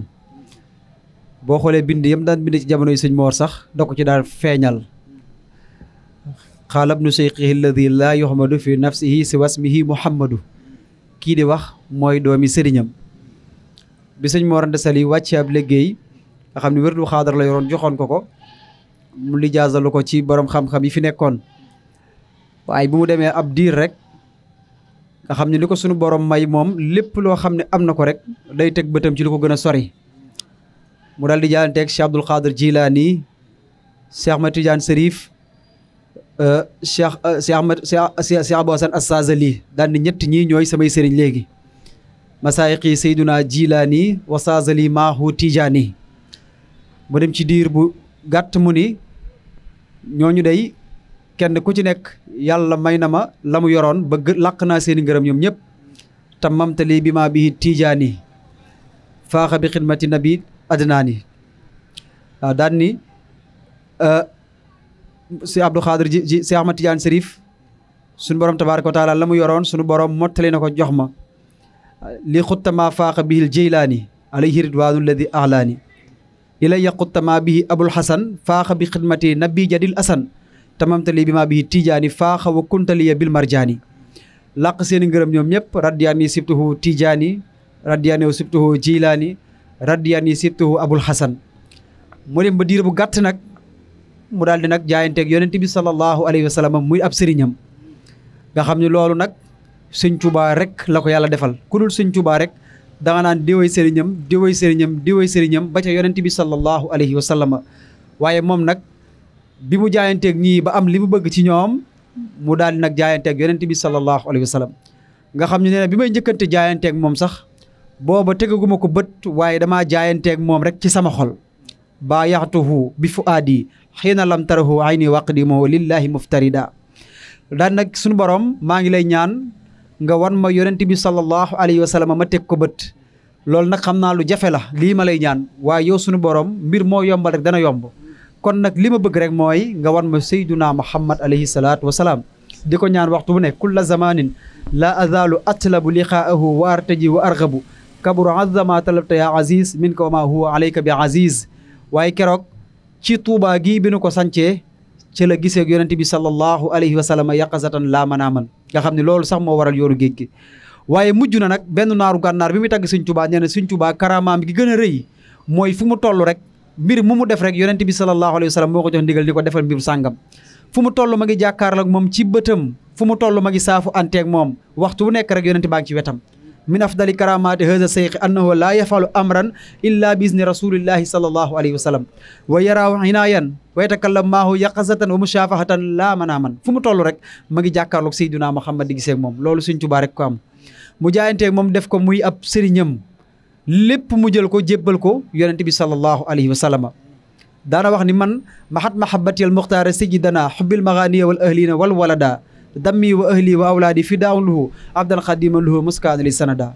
boo xoolee bind yam daan bind ci jamono yi sëñ moor sax da ko ci daan feeñal xaala bnu seyqihi alladi laa yuhmadu fi nafsihi si wasmihi muhammadu kii di wax mooy doomi sëriñam bi sëñ moo Anta Sali wàcce ab liggéey nga xam ne wérdu xaadar la yoroon joxoon ko ko mu lijaasalu ko ci boroom xam-xam yi fi nekkoon waaye bu mu demee ab diir rek nga xam ni li ko sunu boroom may moom lépp loo xam ne am na ko rek day teg bëtam ci lu ko gën a sori mu daal di jaalanteeg Cheikh Abdul Xaadir Jilaani Cheikh Matidiane Serif Euh, cheikh euh, cheikh ahmad cheikh cheikh abou hasan assazali daal ni ñett ñi ñooy samay sëriñ léegi masaayiqi sayduna jilaani wa sazali maahu tijaani mu dem ci diir bu gàtt mu ni ñooñu day kenn ku ci nekk yàlla may na ma la mu yoroon ba làq naa seeni ngërëm ñoom ñëpp tamamtali bi maa bihi tijaani faaxa bi xidmati nabi adnaani waaw daan euh, si Abdou Khadir ji ji si Ahmad Tidiane Serif suñu borom tabaaraka wa taala la mu yoroon suñu borom mottali na ko jox ma li xuttama faaqa bihil jeylaani alayhi ridwaanu alladi ahlaani ilayya xuttama bihi abul hasan faaqa bi xidmati nabi jadil asan tamamtali bi ma bihi tijaani faaqa wa kuntaliya bil marjaani làq seen i ngërëm ñoom ñëpp radiyani sibtuhu tijaani radiyani sibtuhu jilaani radiyani sibtuhu abul hasan mu dem ba xasan bu gàtt nag mu daal di nag jaayanteeg yonent bi sallallahu alayhi wa sallam muy ab sëriñam nga xam ne loolu nag sëñ Tuubaa rek la ko yàlla defal ku dul sëñ Tuubaa rek da nga naan diwéy sëriñam diwéy sëriñam diwéy sëriñam ba ca yonent bi sallallahu alayhi wa sallam waaye moom nag bi mu jaayanteeg ñii ba am li mu bëgg ci ñoom mu daal nag jaayanteeg yonent bi sallallahu alayhi wa nga xam ne nee na bi may njëkkante jaayanteeg moom sax booba tegaguma ko bët waaye damaa jaayanteeg moom rek ci sama xol baa baayaxtuhu bi fuaadi xiina lam tarahu ayni waqdimoo lillahi muftarida daa nag suñu borom maa ngi lay ñaan nga wan ma yonent bi sallallahu alayhi wa sallam ma teg ko bët loolu nag xam naa lu jafe la lii ma lay ñaan waaye yow sunu borom mbir moo yomba rek dana yomb kon nag li ma bëgg rek mooy nga wan ma sayduna muhammad alayhi salaatu wa salaam di ko ñaan waxtu bu ne kulla zamanin la azalu atlabu liqaahu wa artaji wa argabu kabura azama talabta ya aziz wa ma huwa alayka bi aziz waaye keroog ci tuubaa gii bi nu ko sancee ci la gisee ak yonente bi sallallahu alayhi wa sallam yaqazatan laa manaaman nga xam ne loolu sax moo waral yoonu géej gi waaye mujj na nag benn naaru gànnaar bi muy tagg Sëñ Tuubaa nee na Sëñ Tuubaa karaamaam gi gën a rëy mooy fu mu toll rek mbir mu mu def rek yonente bi sallallahu alayhi wa moo ko jox ndigal ni ko defal mbir sangam fu mu toll ma ngi jàkkaarloo moom ci bëtam fu mu toll ma ngi saafu anteeg moom waxtu bu nekk rek yonente baa ngi ci wetam min afdali karamati hada seyqi annahu la yafalu amran illa bi izni rasulillahi sallallahu alayhi wa sallam wa yaraaw inayan wa yatakallam maahu yaqasatan wa mushafahatan laa manaaman fu mu toll rek ma ngi jàkkaarloog Seydina Muhammad di gisee moom loolu Sëñ Tuubaa rek ko am mu jaayanteeg moom def ko muy ab sëriñam lépp mu jël ko jébbal ko yonente bi sallallahu alayhi wa sallama daana wax ni man mahat mahabbati al muxtaara sijidana xubbil maghaniya wal dammi wa ahli wa awlaadi fi daawn lahu abdan xadima lahu muskaan li sanada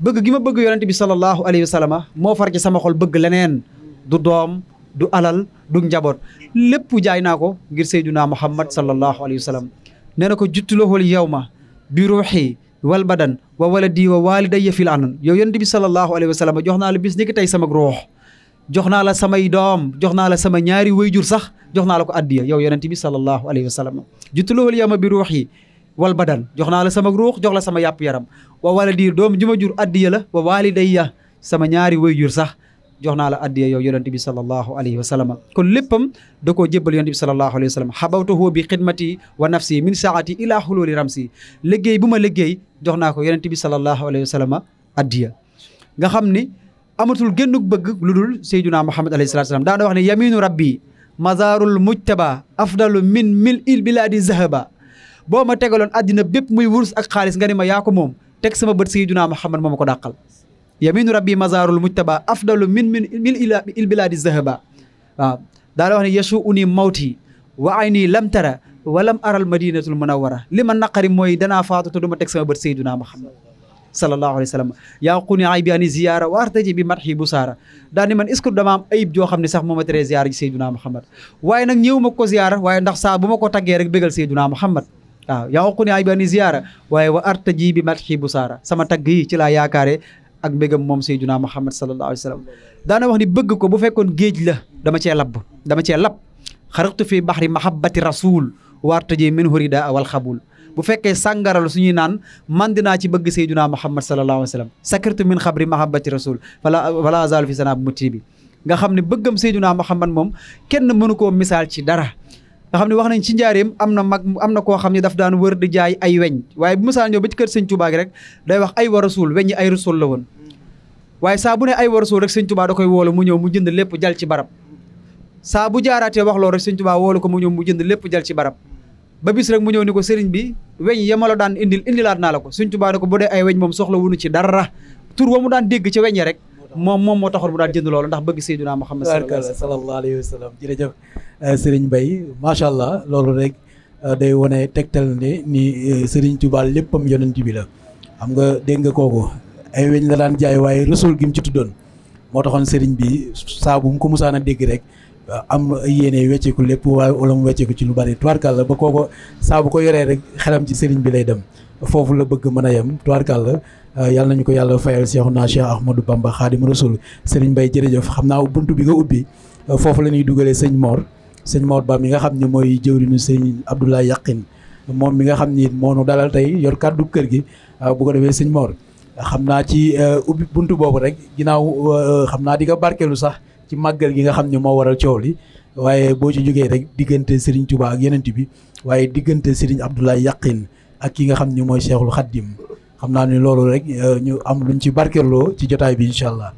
bëgg gi ma bëgg yonente bi sallallahu alayhi wa sallama moo far ci sama xol bëgg leneen du doom du alal du njaboot lépp jaay naa ko ngir sayduna muhammad sallallahu alayhi wa sallam nee na ko juttulohol yawma bi ruuxi wal badan wa waladi wa walidayya fil anan yow yonente bi sallallahu alayhi wa sallam jox naa la bis ni ki tey sama ruux jox naa la samay doom jox naa la sama ñaari wayjur sax jox naa la ko addiya yow yonent bi sallallahu alayhi wa sallam juttulohul ma bi ruux yi wal badan jox naa la sama ruux jox la sama yàpp yaram wa wala diir doom ju ma jur addiya la wa ya sama ñaari way jur sax jox naa la addiya yow yonent bi sallallahu alayhi wa sallam kon léppam da koo jébbal yonent bi sallallahu alayhi wa sallam xabawtahu bi xidmati wa nafsi min saati ila xululi ramsi liggéey bu ma liggéey jox naa ko yonent bi sallallahu alayhi wa sallam addiya nga xam ni amatul génnug bëgg lu dul sayyiduna Muhammad alayhi salaatu wa salaam daana wax ne yaminu rabbi mazaarul mujtaba afdalu min mil il bilaadi zahaba boo ma tegaloon àddina bépp muy wurus ak xaalis nga ne ma yaa ko moom teg sama bët sayyiduna Muhammad moo ma ko dàqal yaminu rabbi mazaarul mujtaba afdalu min min mil il bilaadi zahaba waaw daal wax ne yesu uni mawti wa ayni lam tara walam aral madinatul munawwara li ma naqari mooy danaa faatu te du ma teg sama bët sayyiduna Muhammad sallallahu alayhi wa sallam yaa quni aybi ani ziyaara wa artaji bi marxi bu saara daal man est-ce dama am ayib joo xam ne sax mooma tere ziyaara ji Seyduna Muhammad waaye nag ñëw ma ko ziyaara waaye ndax saa bu ma ko taggee rek bégal Seyduna Muhammad waaw yaa quni aybi ani ziyaara waaye wa ji bi marxi bu saara sama tagg yi ci laa yaakaare ak mbégam moom Seyduna Muhammad sallallahu alayhi wa sallam daana wax ni bëgg ko bu fekkoon géej la dama cee labb dama cee lab xaraqtu fi baxri mahabbati rasul wa artaji min hurida awal xabul bu fekkee sàngara la suñuy naan mandi naa ci bëgg sayyiduna muhammad sallallahu alayhi wa sallam sakirtu min xabri mahabbati rasul fala fala azal fi sanab mutibi nga xam ne bëggam sayyiduna muhammad moom kenn mënu koo misaal ci dara nga xam ne wax nañ ci njaareem am na mag am na koo xam ne daf daan wër di jaay ay weñ waaye bu mosaan ñëw ba ci kër sëñ gi rek day wax ay wa rasul weñ yi ay rasul la woon waaye saa bu ne ay wa rasul rek sëñ Tuubaa woola mu ñëw mu jënd lépp jal ci barab saa bu jaaraatee wax loolu rek sëñ Tuubaa ko mu ñëw mu jënd lépp jal ci barab ba bis rek mu ñëw ni ko sëriñ bi weñ yamala daan indil indilaat naa la ko suñ tubaa ne ko bu dee ay weñ moom soxla wunu ci dara tur wa mu daan dégg ci weñ weñe rek moom moom moo taxoon mu daan jënd loolu ndax bëgg Seydina Muhammad sallallahu alayhi wa sallam jërëjëf euh, sëriñ bay macha allah loolu rek euh, day wone tegtal ne ni euh, sëriñ Tuubaa léppam yonent bi la xam nga dégg nga kooku ay weñ la daan jaay waaye rësul gi mu ci tuddoon moo taxoon sëriñ bi saa bu mu ko musaan dégg rek Euh, am yéene wecceeku lépp waaye wala mu wecceeku ci lu bari tubaarkàlla ba kooko saa bu ko yoree rek xelam ci sëriñ bi lay dem foofu la bëgg mën a yem tubaarkàlla euh, yalla nañu ko yàlla fayal Seexuna Cheikh Ahmadou Bamba Xaadim Rasul sëriñ Mbaye jërëjëf xam naa bunt bi nga ubbi euh, foofu la ñuy dugalee sëñ Mor sëñ Mor Ba mi nga xam ne mooy jëwriñu sëñ Abdoulaye Yaqin moom mi nga xam ni moo nu dalal tey yor kàddu kër gi bu ko defee sëñ Mor xam naa ci ubbi bunt boobu rek ginnaaw xam naa di ko barkeelu sax ci màggal gi nga xam ne moo waral coow li waaye boo ci jógee rek diggante Serigne Touba ak yenent bi waaye diggante Serigne Abdoulaye Yaqin ak ki nga xam ne mooy Cheikhul Khadim xam naa ni loolu rek euh, ñu am luñ ci barkeeloo ci jotaay bi incha allah.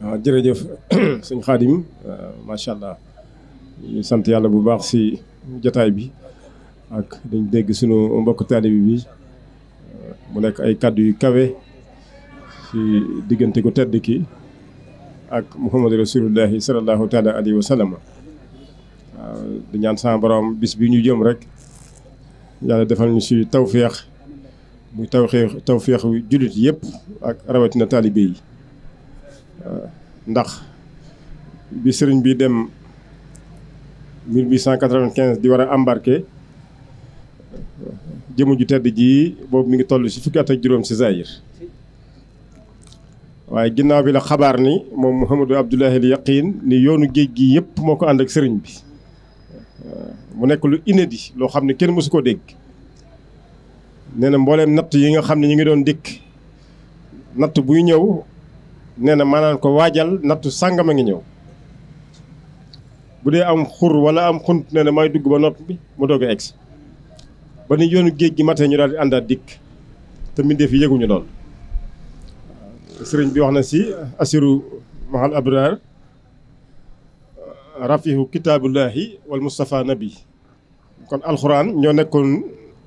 waaw ah, jërëjëf sëñ Khadim euh, macha allah sant yàlla bu baax si jotaay bi ak dañ dégg sunu mbokk taalibi bi euh, mu nekk ay kàddu yu kawe ci diggante ku tedd ki. ak muhammadu rasulullahi sallallahu taala alayhi wa waaw di ñaan sama borom bis bi ñu jëm rek yàlla defal ñu si tawféex muy tawféex tawféexu jullit yëpp ak rawatina taalibe yi ndax bi sëriñ bi dem 1895 di war a embarqué jëmu ju tedd ji boobu mu ngi toll ci fukki at ak juróom si Zaïre waaye ginnaaw bi la xabaar ni moom Mouhamadou Abdoulahi al Yaqin ni yoonu géej gi yëpp moo ko ànd ak sëriñ bi mu nekk lu inédit loo xam ne kenn mosu ko dégg nee na mbooleem natt yi nga xam ne ñu ngi doon dikk natt buy ñëw nee na maanaam ko waajal nattu sàngam a ngi ñëw bu dee am xur wala am xunt nee na dugg ba nopp bi mu doog a egsi ba ni yoonu géej gi matee ñu daal di àndaat dikk te mbindeef yi yëguñu lool sëriñ bi wax na si asiru mahal abraar rafihu kitaabullahi wal mustafa nabi kon alxuraan ñoo nekkoon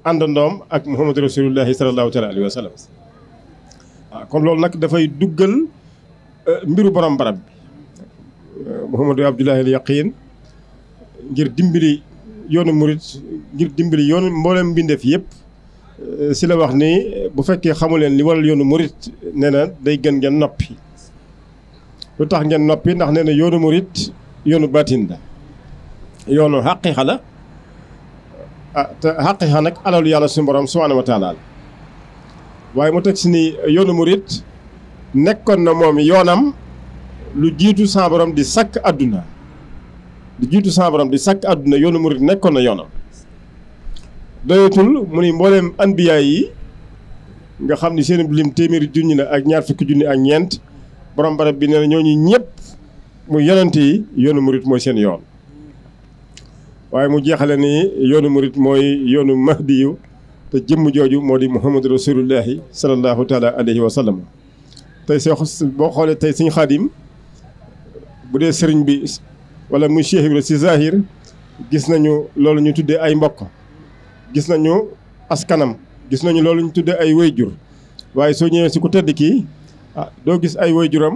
àndandoom ak muhammadu rasulullahi sallallahu taala alayhi ah, kon loolu nag dafay duggal eh, mbiru borom barab bi eh, muhammadu abdullahi al ngir dimbali yoonu murit ngir dimbali yoonu mboolem mbindeef yëpp Euh, si la wax nii bu fekkee xamu leen li waral yoonu murit nee na day gën ngeen noppi lu tax ngeen noppi ndax nee na yoonu murit yoonu baatin la yoonu xaqiixa la ah nag alalu yàlla suñu borom subhaanahu wa la waaye mu teg si ni yoonu murit nekkoon na moom yoonam lu jiitu saa di sakk àdduna lu jiitu saa borom di sakk àdduna yoonu murit nekkoon na yoonam. doyatul mu ni mbooleem anbiya yi nga xam ni seen lim téeméeri junni la ak ñaar fukki junni ak ñeent borom barab bi nee na ñooñu ñëpp mu yonent yi yoonu murit mooy seen yoon waaye mu jeexale ni yoonu murit mooy yoonu mahdi yu te jëmm jooju moo di muhammadu rasulullahi sallallahu taala alayhi wa sallam tey soo boo xoolee tey suñu xaadim bu dee sëriñ bi wala muy Cheikh Ibrahima si zahir gis nañu loolu ñu tuddee ay mbokk gis nañu askanam gis nañu loolu ñu tuddee ay wayjur waaye soo ñëwee si ku tëdd kii ah doo gis ay wayjuram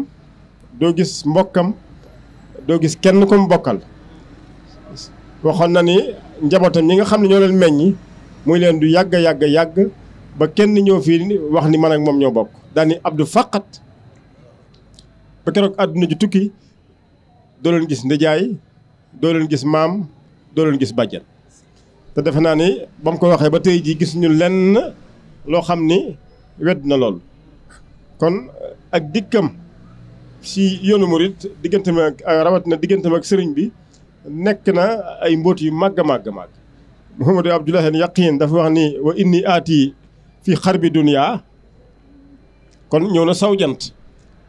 doo gis mbokkam doo gis kenn ku mu bokkal waxoon na ni njabootam ñi nga xam ne ñoo leen meññi muy leen du yàgg yàgg yàgg ba kenn ñëw fii wax ni man ak moom ñoo bokk daani abdu faqat ba keroog àdduna ji tukki doo leen gis ndijaay doo leen gis maam doo leen gis bàjjen te defe naa ni ba mu ko waxee ba tey jii gis ñu lenn loo xam ni wedd na lool kon eh, ak dikkam si yoonu murit diggante ma ak eh, rawatina diggante ma ak sëriñ bi nekk na ay mbóot yu màgg a màgg a màgg Mouhamadou Abdoulahi al Yaqin dafa wax ni wa inni aati fi xarbi dunia kon ñëw na saw jant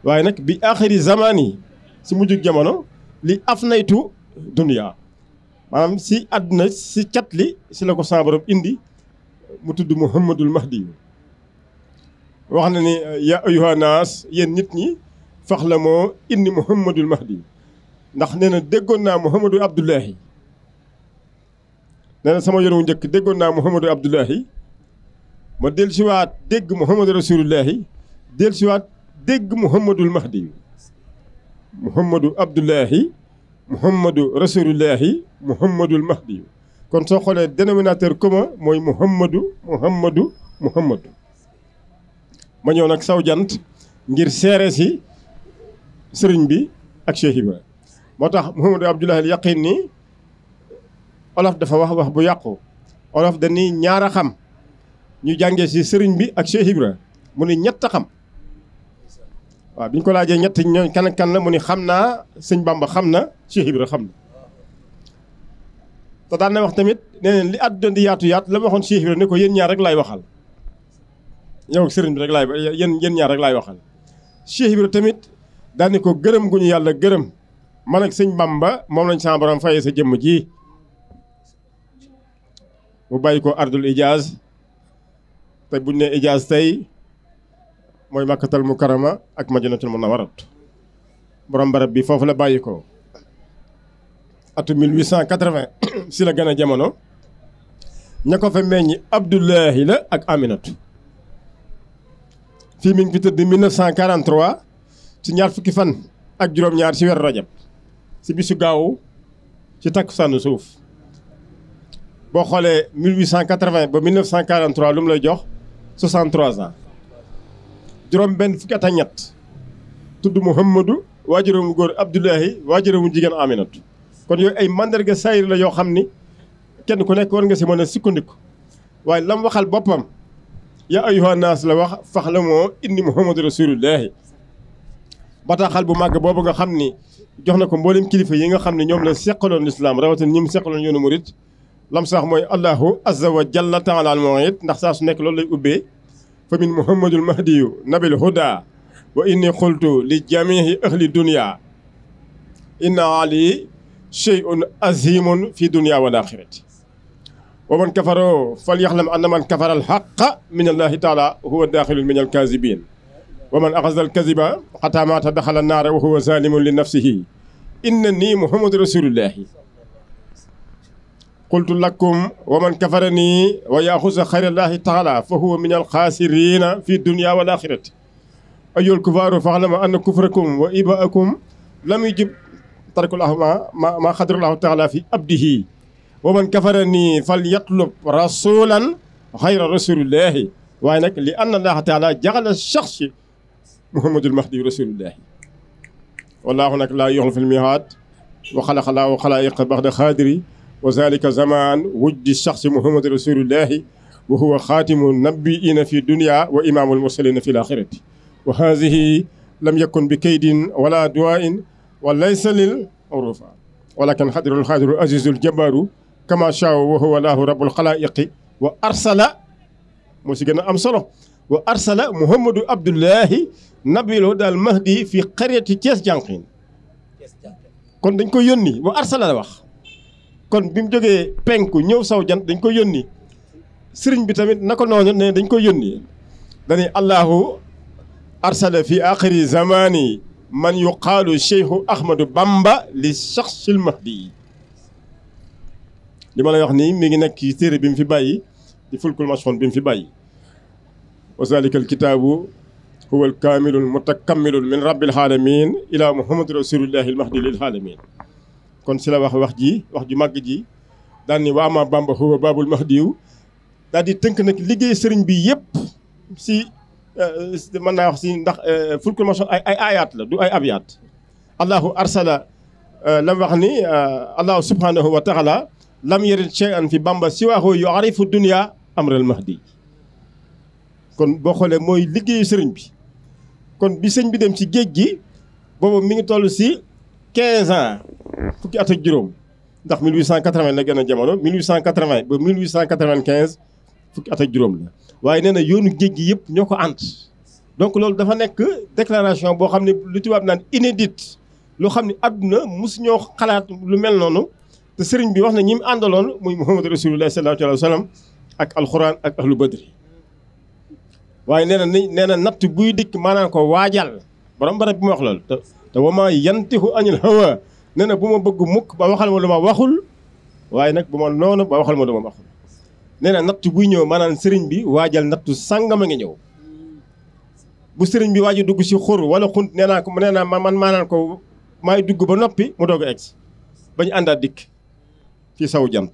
waaye nag bi axiri zamaan yi si mujjug jamono li afnaytu dunia maanaam si àdduna si cat li si la ko sa borom indi mu tudd mu Muhammadul Mahdi wax na ni ya ayyuha naas yéen nit ñi fax la moo indi Muhammadul Mahdi ndax nee na déggoon naa Muhammadu Abdullahi nee na sama yoon wu njëkk déggoon naa Muhammadu Abdullahi ma dellusiwaat dégg Muhammadu Rasulullahi dellusiwaat dégg mu Muhammadul Mahdi Muhammadu Abdullahi muhammadu rasulullahi muhammadul mahdi kon soo xoolee dénominateur commun mooy muhammadu muhammadu muhammadu ma ñëw nag saw jant ngir seere si sëriñ bi ak Cheikh Ibra moo tax muhammadu abdullahi al yaqin ni olof dafa wax wax bu yàqu olof dañuy ñaar a xam ñu jàngee si sëriñ bi ak Cheikh Ibra mu ne ñett a xam waaw bi ñu ko laajee ñett ñoom kan kan la mu ni xam naa sëñ Bamba xam na Cheikh Ibra xam na te daan na wax tamit nee neen li àdduna di yaatu yaatu la waxoon Cheikh Ibra ne ko yéen ñaar rek laay waxal yow sëriñ bi rek laay yéen yéen ñaar rek laay waxal Cheikh Ibra tamit daan ne ko gërëm gu ñu yàlla gërëm man ak sëñ Bamba moom lañ sama borom sa jëmm ji mu bàyyi ko ardul ijaaz te buñ ne ijaaz tey mooy makkatal mukarama ak madinatul munawarat borom barab bi foofu la bàyyi ko atu 1880 si la gën jamono ña meññ fa meññi Abdullahi la ak Aminatu fii mi ngi fi tëdd 1943 ci ñaar fukki fan ak juróom-ñaar ci weeru rajab si bisu gaawu ci takk takkusaanu suuf boo xoolee 1880 ba 1943 lu mu lay jox 63 juróom benn fukki at ak ñett tudd Muhammadu waajuramu góor Abdullahi waajuramu jigéen Aminatu kon ay mandarga saayir la yoo xam ni kenn ku nekk nga si mën a sukkandiku waaye lam waxal boppam yaa ayyuhan naas la wax fax la moo indi Muhammadu rasulullahi bataaxal bu màgg boobu nga xam ni jox na ko mboolem kilifa yi nga xam ne ñoom la seqaloon lislaam rawatina ñi mu seqaloon yoonu murit lam sax mooy allahu azza wa jalla taala al mu'id ndax saa su nekk loolu lay ubbee fa min muhammadul mahdiyu nabil huda wa inni qultu li jamihi ahli dunya inna ali sheyun azimun fi dunya wal axirati wa man kafaro fal yaxlam anna man kafara alxaqa min allahi taala huwa daaxilun min alkazibin wa man axasa alkaziba xata maata daxala naara wa huwa zalimun li nafsihi inna nii muhammadu rasulullahi qultu lakum wa man kafara nii wa yaxusa xayrallaahi taala fa huwa min alxaasirina fi dunia wal axirati ayol kufaaru faxlama anna kufrakum wa ibaakum lam yujib tarkulahu ma ma ma xadrallahu taala fi abdihi wa man kafara nii fal yatlub rasulan xayra rasulillahi waaye nag li anna allaha taala jaxala shaxsi muhammadul mahdi rasulillahi wallahu nag laa yoxlu fi lmihaad wa xalaqa laahu xalaayiqa baxda xaadiri wa zalika zamaan wujdi shaxsi muhammadu rasulillahi wa huwa xaatimu nabiyina fi dunia wa imaamul mursalina fi laxirati wa haadihi lam yakun bi kaydin wala duwain wa laysa lil urufa walakin xadirul xaadiru azizul jabaaru kama shaa wa huwa laahu rabbul xalaayiqi wa arsala moo si gën a am solo wa arsala muhammadu abdullahi nabilu daal mahdi fi xariyati Cees jànqin kon dañ ko yónni wa arsala la wax kon bi mu jógee penku ñëw saw jant dañ ko yónni sëriñ bi tamit naka noonu ne dañ koy yónni dañuy allahu arsala fi axiri zamani man yuqaalu cheikhu ahmadou bamba li shaxsil mahdi li ma lay wax nii mi ngi nekk ci téere bi mu fi bàyyi di fulkul mashxoon bi mu fi bàyyi wa zalika al kitaabu huwa al kaamilu al mutakammilu min rabbil alamin ila muhammadu rasulillahi al mahdi lil alamin kon si la wax wax ji wax ju màgg ji daal ni waa ma Bamba xuba babul mahdiyu daal di tënk nag liggéey sëriñ bi yëpp si euh, mën naa wax si ndax euh, fulkul mason ay ay ayaat la du ay abyaat allahu arsala euh, lam wax ni allahu subhanahu wa taala lam yarit shay'an fi bamba siwaahu yu arifu dunia amral mahdi kon boo xoolee mooy liggéeyu sëriñ bi kon bi sëñ bi dem ci géej gi boobu mi ngi toll si 15 fukki at ak juróom ndax 1880 la gën a jamono 1880 ba 1895 fukki at ak juróom la waaye nee na yoonu géej gi yëpp ñoo ko ànd donc loolu dafa nekk déclaration boo xam ne lu tubaab naan inédite loo xam ne àdduna mosu ñoo xalaat lu mel noonu te bi wax na ñi mu àndaloon muy Muhammad Rasulullah sallallahu alayhi wa sallam ak alxuraan ak ahlu nee na nee na natt buy dikk maanaam ko waajal borom barab bi mu wax loolu te te wamaa yantihu anil hawa nee na bu ma bëgg mukk ba waxal ma lu ma waxul waaye nag bu ma noonu ba waxal ma lu ma waxul nee nattu buy ñëw manaan sëriñ bi waajal nattu sàngam a ngi ñëw bu sëriñ bi waaju dugg si xur wala xunt nee naa ko nee naa man maanaan ko maay dugg ba noppi mu doog a egg bañu àndaat dikk ci saw jant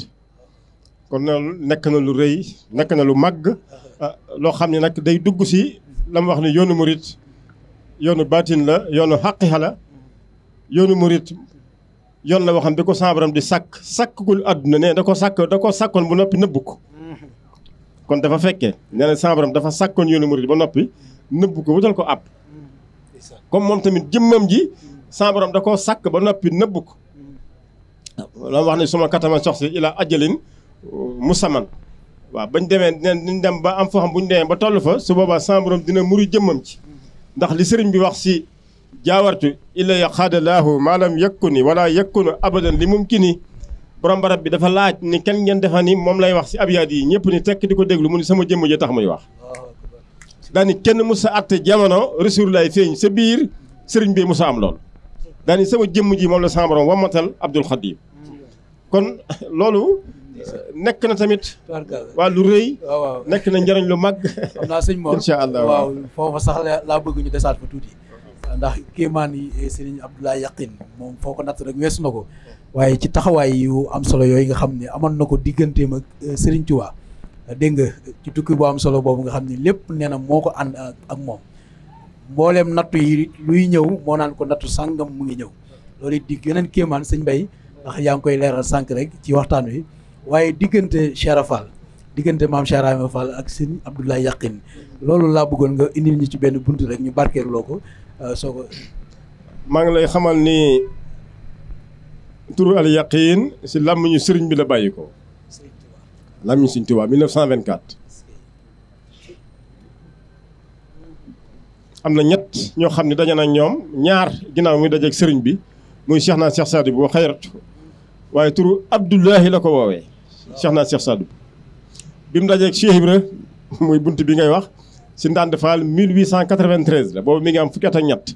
kon nag nekk na lu rëy nekk na lu màgg ah, loo xam ne nag day dugg si la mu wax ne yoonu murit yoonu baatin la yoonu xàqiha la yoonu murit yoon la waxam bi ko saabaram di sàkk sàkkagul àdduna ne da ko sàkk da ko sàkkoon bu noppi nëbbu ko kon dafa fekkee nee na saabaram dafa sàkkoon yoonu murid ba noppi nëbbu ko wutal ko àpp comme moom tamit jëmmam ji saabaram da koo sàkk ba noppi nëbbu ko la wax ne suma kataman soxsi ila ajalin musaman waaw bañ demee neen niñ dem ba am foo xam bu ñu ba toll fa su boobaa saabaram dina muri jëmmam ci ndax li sëriñ bi wax si jaawartu ilaya xaadalaahu maalam yakkuni wala yakkunu abadan li mumkini borom barab bi dafa laaj ni kenn ngeen defa ni moom lay wax si abyaat yi ñëpp ni tekk di ko déglu mu ni sama jëmm ji tax muy wax daani kenn musa atte jamono rasulullah feeñ sa biir sëriñ bi musa am lool daani sama jëmm ji moom la sama borom wamatal abdul xadim kon loolu eh, nekk na tamit waa lu nekk na njëriñ lu mag xam sëñ moom incha allah waaw foofa sax laa bëgg ñu desaat fa tuuti ndax kéemaan yi eh, Serigne Abdoulaye Yaqin moom foo ko natt rek weesu na ko waaye ci taxawaay am solo yooyu nga xam ne amoon na ko digganteem ak eh, Serigne Touba dégg nga ci tukki boo am solo boobu nga xam ni lépp nee na moo ko ànd ak moom mbooleem nattu yi luy ñëw moo naan ko nattu sàngam mu ngi ñëw loolu it di gëneen kéemaan sëñ Bay ndax yaa ngi koy leeral sànq rek ci waxtaan wi waaye diggante Cheikh diggante maam Cheikh Rahma Fall ak sëñ Abdoulaye Yaqin loolu laa bëggoon nga indil ñu ci benn buntu rek ñu barkeeloo ko Euh, soo maa ngi lay xamal ni turu al yaqin si làmmiñu sëriñ bi la bàyyi ko làmmiñu sëriñ Tuubaa 1924 am na ñett ñoo xam ne daje na ñoom ñaar ginnaaw muy dajeeg sëriñ bi muy Cheikh naa Cheikh Sadou bu xayratu waaye turu Abdoulahi la ko woowee Cheikh naa Cheikh Sadou bi mu dajeeg Cheikh Ibra muy bunt bi ngay wax si Ndande Fall 1893 la boobu mi ngi am fukki at ak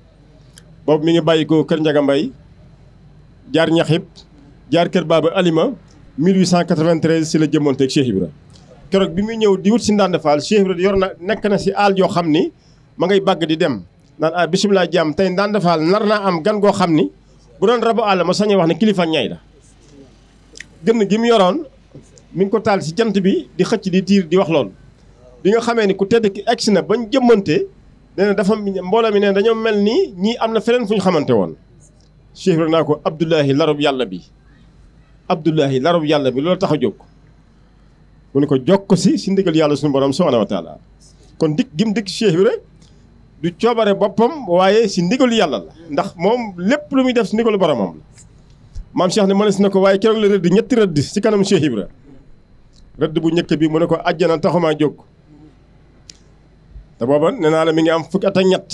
boobu mi ngi bàyyi ko kër Ndiaga Mbaye jaar ñaxib jaar kër Baba Alima 1893 si la jëmmanteeg Cheikh Ibra keroog bi muy ñëw di wut si Ndande Fall Cheikh Ibra yor na nekk na si àll joo xam ni ma ngay bàgg di dem naan ah bisimilah jàmm tey Ndande Fall nar naa am gan goo xam ni bu doon rabu àll ma sañee wax ne kilifa ñay la gën gi mu yoroon mu ngi ko taal si jant bi di xëcc di tiir di wax lool bi nga xamee ni ku tedd ki si na bañ jëmmante nee na dafa mbooloo mi ne dañoo mel ni ñii am na feneen fu ñu xamante woon. Cheikh naa ko Abdullahi larub yàlla bi Abdullahi larub yàlla bi loolu tax a jóg mu ne ko jokk si si ndigal yàlla suñu borom subhanahu wa taala kon dikk gim dikk Cheikh Ibra du coobare boppam waaye si ndigalu yàlla la ndax moom lépp lu muy def si ndigalu boromam la maam Cheikh ne si na ko waaye keroog la rëdd ñetti rëdd si kanam Cheikh Ibra rëdd bu njëkk bi mu ne ko àjjana taxumaa jóg. te booba nee naa la mi ngi am fukki ata ak ñett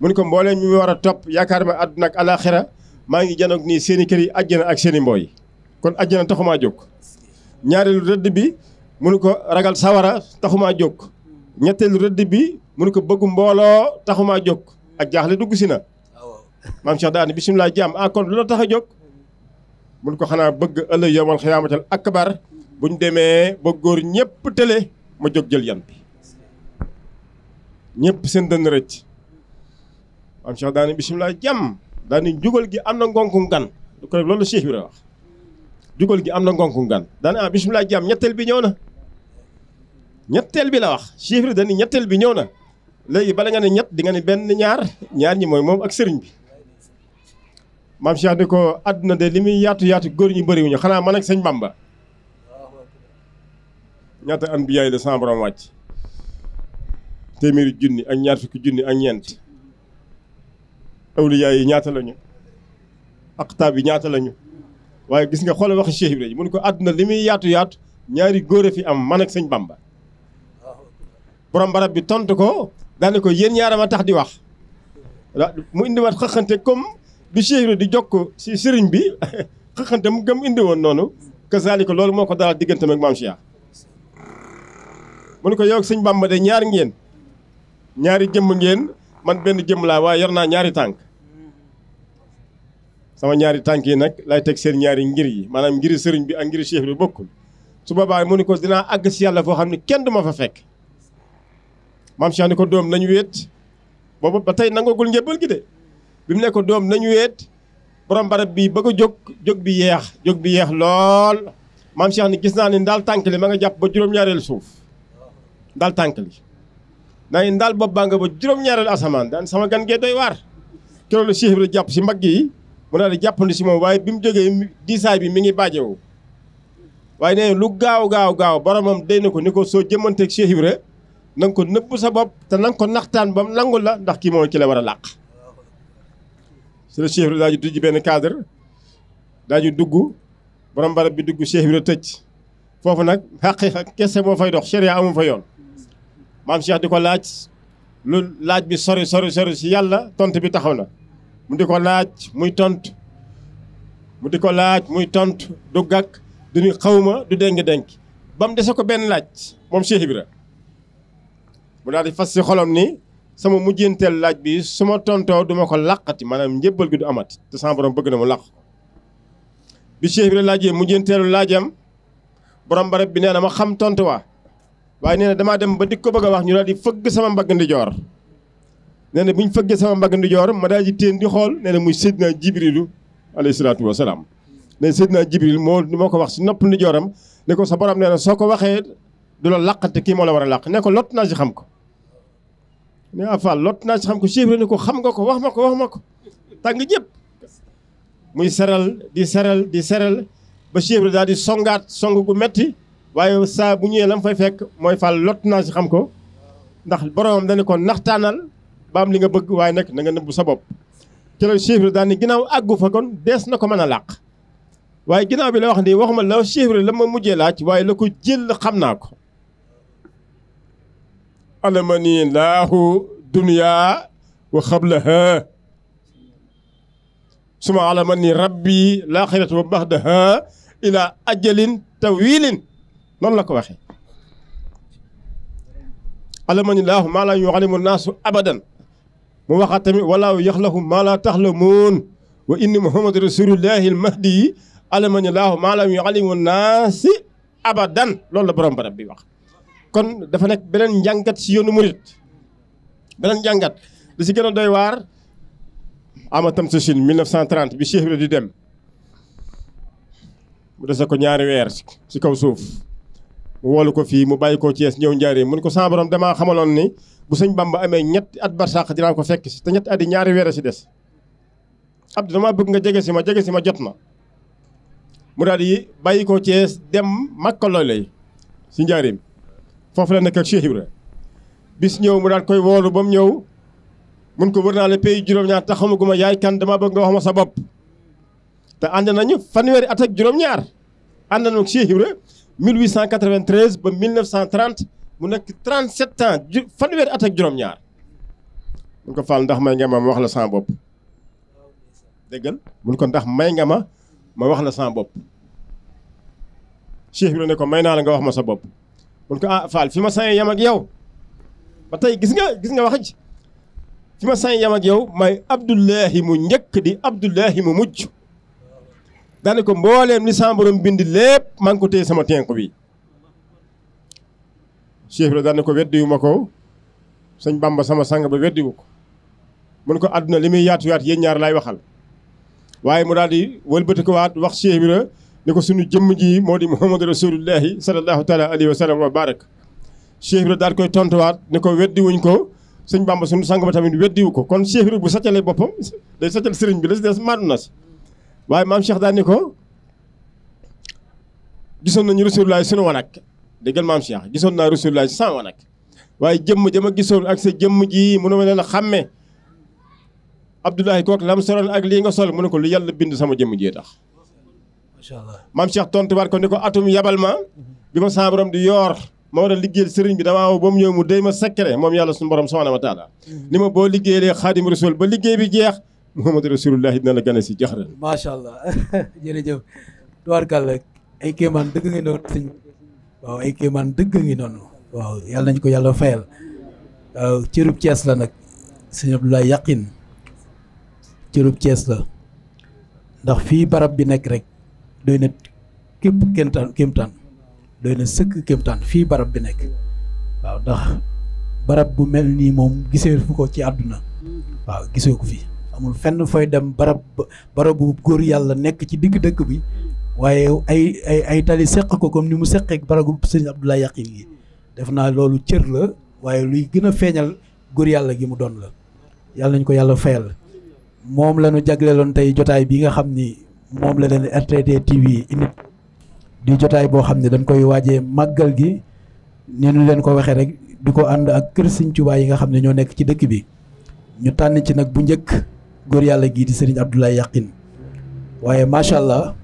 mun ko mboolee mi war a topp yaakaar ma àdduna ak alaxira maa ngi janoog nii seeni kër yi àjjana ak seeni mbooy kon àjjana maa jóg ñaareelu rëdd bi munu ko ragal sawara taxumaa jóg ñetteelu rëdd bi munu ko bëggu mbooloo taxumaa jóg ak jaaxle dugg si na maam Cheikh bi bisimilah jaam ah kon lu la tax a jóg mun ko xanaa bëgg ëllëg ak bar akbar ñu demee ba góor ñëpp tële ma jóg jël yan ñëpp seen dënn rëcc am daani bisimilah jàmm daani jugal gi am na ngonkum gan du ko def loolu Cheikh bi la wax jugal gi am na ngonkum gan daani ah bisimilah jàmm ñetteel bi ñëw na ñetteel bi la wax Cheikh bi daani ñetteel bi ñëw na léegi bala nga ne ñett di nga benn ñaar ñaar ñi mooy moom ak sëriñ bi maam Cheikh ko àdduna de li muy yaatu yaatu góor ñu bëriwuñu xanaa man ak sëñ Bamba ñaata an bi yaay la sama wàcc téeméeri junni ak ñaar fukki junni ak ñeent awliyaa yi ñaata lañu aqtaab yi ñaata lañu waaye gis nga xoolal waxi Cheikh Ibrahima mu ne ko àdduna li muy yaatu yaatu ñaari góor a fi am man ak sëñ Bamba borom barab bi tontu ko daal ko yéen ñaarama tax di wax mu indiwaat xëqante comme bi Cheikh Ibrahima di jokk si sëriñ bi xëqante mu gëm indi woon noonu ko loolu moo ko dalal digganteem ak maam Cheikh mu ne ko yow ak sëñ de ñaar ngeen ñaari jëmm ngeen man benn jëmm laa waaye yor naa ñaari tànk sama ñaari tànk yi nag lay teg seen ñaari ngir yi maanaam ngiri sëriñ bi ak ngiri cheikh bi bokkul su boobaa mu ni ko dinaa àgg si yàlla foo xam ne kenn du ma fa fekk maam cheikh ni ko doom nañu wéet boobu ba tey nangagul njëbbal gi de bi mu ne ko doom nañu weet borom barab bi bëgg a jóg jóg bi yeex jóg bi yeex lool maam cheikh ni gis naa ni daal tànk li ma nga jàpp ba juróom-ñaareelu suuf daal tànk li naa ngeen daal bopp baa nga ba juróom-ñaareelu asamaan daan sama gan gee doy waar keroog la Cheikh jàpp si mag yi mu daal jàppandi si moom waaye bi mu jógee diisaay bi mi ngi bàjjewu waaye nee lu gaaw gaaw gaaw boromam day na ko ni ko soo jëmmanteeg Cheikh Ibra na nga ko nëbb sa bopp te na nga ko naxtaan ba mu nangul la ndax kii moom ci la war a làq si la Cheikh Ibra benn cadre daa ji dugg borom barab bi dugg Cheikh Ibra tëj foofu nag xaqiqa kese moo fay dox sharia amul fa yoon maam Cheikh di ko laaj lu laaj bi sori sori sori si yàlla tont bi taxaw na mu di ko laaj muy tont mu di ko laaj muy tont du gàkk duñu xawma du dénk-dénk ba mu dese ko benn laaj moom Cheikh Ibra mu daal di fas ci xolom ni sama mujjanteel laaj bi su ma tontoo du ma ko làqati maanaam njëbbal gi du amat te sama borom bëgg na mu làq ko bi Cheikh laaj laajee mujjanteelu laajam borom barab bi nee na ma xam tontu waa waaye nee na damaa dem ba di ko bëgg wax ñu daal di fëgg sama mbagg ndijoor nee na bu ñu fëggee sama mbagg ndijoor ma daal di téen di xool nee na muy Seydina Jibrilu alayhi salaatu wa salaam nee na Seydina Jibril moo moo ko wax si nopp ndijooram ne ko sa borom nee na soo ko waxee du la kii moo la war a ne ko lot naa si xam ko ne ah Fall lot naa si xam ko Cheikh Ibrahima ne ko xam nga ko wax ma ko wax ma ko tàng jëpp muy seral di seral di seral ba Cheikh daal di songaat song gu metti waaye saa bu ñëwee la fay fekk mooy Fall lot naa si xam ko ndax boromam dañu ko naxtaanal ba li nga bëgg waaye nag na nga nëbbu sa bopp. ci la ginnaaw àggu fa kon dees na ko mën a làq waaye ginnaaw bi la wax nii waxuma la chiffre la ma mujjee laaj waaye la ko jël xam naa ko. alama nii laahu duniyaa wa xablaha suma alama nii rabbi laaxiratu wa baxdaha ila ajalin tawilin noonu la ko waxee alamanilaahu maa laa yuxalimu naasu abadan mu waxaat tamit walaa yaxlaxu maa laa taxlamuun wa inni muhammadu rasulullahi al mahdi yi alamanilaahu maa laa yuxalimu naasi abadan loolu la borom barab bi wax kon dafa nekk beneen njàngat si yoonu murit beneen njàngat li ci gën a doy waar ama tam sa bi Cheikh Ibra di dem mu dese ko ñaari weer ci kaw suuf mu woolu ko fii mu bàyyi ko Thiès ñëw Njaaréem mun ko sama borom damaa xamaloon ni bu sëñ Bamba amee ñetti at barsàq dinaa ko fekk si te ñetti at yi ñaari weer si des Abdou damaa bëgg nga jege si ma jege si ma jot na mu daal di bàyyi ko Thiès dem Makka looy lay si Njaaréem foofu la nekk ak Cheikh Ibra bis ñëw mu daal koy woolu ba mu ñëw mun ko wër naa la pays juróom-ñaar te xamaguma yaay kan damaa bëgg nga wax ma sa bopp te ànd nañu fanweeri at ak juróom-ñaar ànd 1893 ba 1930 mu nekk 37 ans ju fanweeri at ak juróom-ñaar mun ko faal ndax may nga ma ma wax la sans bopp déggal mun ko ndax may nga ma ma wax la sans bopp Cheikh bi ne ko may naa la nga wax ma sa bopp mun ko ah faal fi ma sañ yam ak yow ba tey gis nga gis nga wax ji fi ma sañ yam ak yow may Abdullahi mu njëkk di Abdullahi mu mujj daane ko mbooleem li samborom bind lépp maa ngi ko téye sama tenk bi Cheikh Ibra daane ko weddiwu ko sëñ Bamba sama sang ba weddiwu ko mun ko àdduna li muy yaatu yaatu yéen ñaar laay waxal waaye mu daal di wëlbati ko waat wax Cheikh Ibra ni ko sunu jëmm ji moo di Muhammadu Rasulullahi sallallahu taala alayhi wa sallam wa barak Cheikh Ibra daal koy tontuwaat ni ko weddiwuñ ko sëñ Bamba sunu sang ba tamit weddiwu ko kon Cheikh Ibra bu sàccalee boppam day sàccal bi la si des na si waaye maam Cheikh daan ni ko gisoon nañu Rasulullah sunu wanag déggal maam Cheikh gisoon naa Rasulullah sans wanag waaye jëmm jama gisoon ak sa jëmm ji mu ne ma leen a xàmme Abdoulahi kooku lam ak lii nga sol mu ne ko lu yàlla bind sama jëmm jee tax. macha allah maam Cheikh tontuwaat ko ni ko atum yabal ma bi ma saa di yoor ma war a liggéeyal sëriñ bi damaa woo ba mu ñëw mu déy ma secret moom yàlla suñu borom subhanahu wa taala mm-hmm. ni ma boo liggéeyee Xaadim Rasul ba liggéey bi jeex. Muhammad Rasulullah dina la gane si jaxran macha allah jërëjëf tubaarkàll ay kéemaan dëgg ngi noonu waaw ay kéemaan dëgg ngi noonu waaw yàlla nañ ko yàlla fayal waaw cërub Cees la nag sëñ Abdoulaye Yaqin cërub Cees la ndax fii barab bi nekk rek doy na képp kéemtaan kéemtaan doy na sëkk kéemtaan fii barab bi nekk waaw ndax barab bu mel nii moom gisee fu ko ci àdduna waaw gisee ko fii amul fenn fooy dem barab barabu góor yàlla nekk ci digg dëkk bi waaye ay ay ay tali seq ko comme ni mu seqeek barabu sëñ Abdoulaye Yaqin yi def naa loolu cër la waaye luy gën a feeñal góor yàlla gi mu doon la yàlla nañ ko yàlla fayal moom la ñu jagleeloon tey jotaay bi nga xam ni moom la leen RTT TV indi di jotaay boo xam ne dañ koy waajee màggal gi ni ñu leen ko waxee rek di ko ànd ak kër Sëñ Tuubaa yi nga xam ne ñoo nekk ci dëkk bi ñu tànn ci nag bu njëkk góor yàlla gii di Serigne Abdoulaye Yaqin waaye macha allah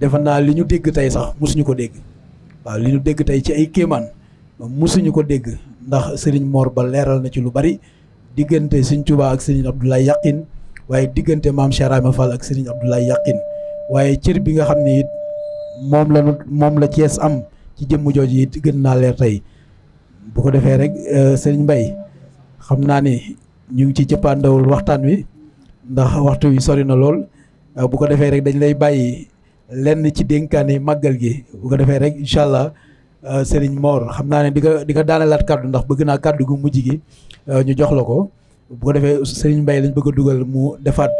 defe naa li ñu dégg tey sax mosuñu ko dégg waaw li ñu dégg tey ci ay kéemaan mosuñu ko dégg ndax Serigne Mor ba leeral na ci lu bari diggante suñ Touba ak Serigne Abdoulaye Yaqin waaye diggante maam Cheikh Rahma Fall ak Serigne Abdoulaye Yaqin waaye cër bi nga xam ne it moom la moom la Cees am ci jëmm jooju it gën naa leer tey bu ko defee rek euh, Serigne Mbaye xam naa ni ñu ngi ci cëppaandawul waxtaan wi. ndax waxtu wi sori na lool euh, bu ko defee rek dañ lay bàyyi lenn ci dénkaane màggal gi bu ko defee rek incha allah euh, Serigne Mor xam naa ne di nga di nga daanalaat kàddu ndax bëgg naa kàddu gu mujj gi euh, ñu jox la ko bu ko defee Serigne Mbaye lañ bëgg a dugal mu defaat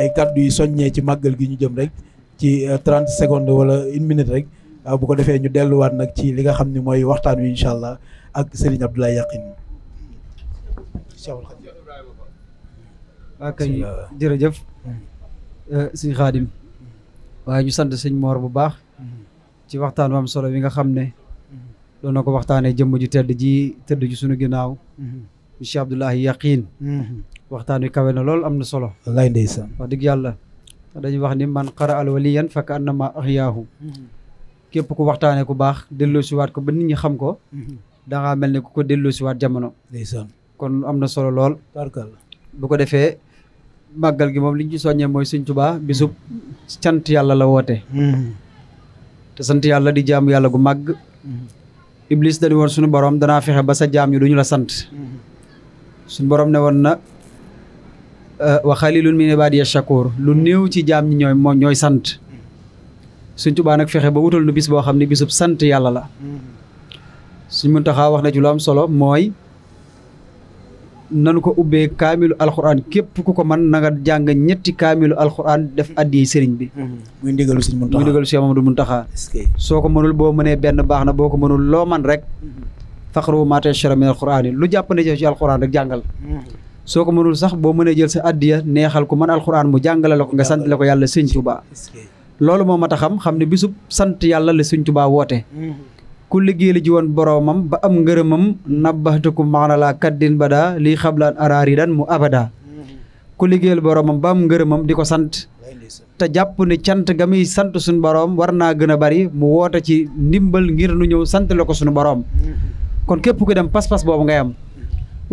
ay kàddu yu soññee ci màggal gi ñu jëm rek ci 30 secondes wala une minute rek bu ko defee ñu delluwaat nag ci li nga xam ni mooy waxtaan wi incha allah ak Serigne Abdoulaye Yakhine. waa ah, kay euh, jërëjëf hmm. euh, sëñ Xaadim waaye ñu sant sëñ Moor bu baax ci waxtaan wam solo wi nga xam ne doon na ko waxtaanee jëmm ju tedd ji tëdd ji suñu ginnaaw hmm. Cheikh Abdoulahi Yaqin hmm. waxtaan wi kawe na lool am na solo wallaay ndeysaan wax dëgg yàlla dañuy wax ni man qara al waliyan faka annama ahyaahu képp ku waxtaanee ku baax delloo siwaat ko ba nit ñi xam ko danga mel ni ku ko delloo siwaat jamono ndeysaan kon am na solo lool bu ko defee màggal gi moom liñ ci soññee mooy sëñ Tuubaa bisub sant yàlla la woote hmm. te sant yàlla di jaamu yàlla gu màgg hmm. iblis dañu woon suñu borom danaa fexe ba sa jaam ñu la sant hmm. suñu borom ne woon na euh, wa xalilun min ibadiya shakur lu néew ci jaam ñi moo ñooy sant sëñ Tuubaa nag fexe ba wutal nu bis boo xam ne bisub sant yàlla la suñ Muntaxaa wax na ci lu am solo mooy nanu ko ubbee kaamilu alxuraan képp ku ko man na nga jàng ñetti kaamilu alxuraan def addi sëriñ bi. Mhm. muy ndigalu sëriñ Muntaxa muy ndigalu sëriñ Mamadu soo ko mënul boo mënee benn baax na boo ko mënul loo man rek. Mhm. faqru maa tayassara min alxuraan yi lu jàpp ne ci alxuraan rek jàngal. Mhm. soo ko mënul sax boo mënee jël sa addiya neexal ko mën alxuraan mu jàngale la ko nga sant la ko yàlla sëñ Tuubaa. loolu moo mat a xam xam ne bisub sant yàlla la sëñ Tuubaa woote. ku liggéeyal ji woon boroomam ba am ngërëmam nabbatuku maana laa kaddin bada lii xablaan araari dan mu abada ku liggéeyal boroomam ba am ngërëmam di ko sant te jàpp ne cant ga muy sant suñu boroom war naa gën a bari mu woote ci ndimbal ngir nu ñëw sant la ko suñu boroom kon képp ku dem pas-pas boobu ngay am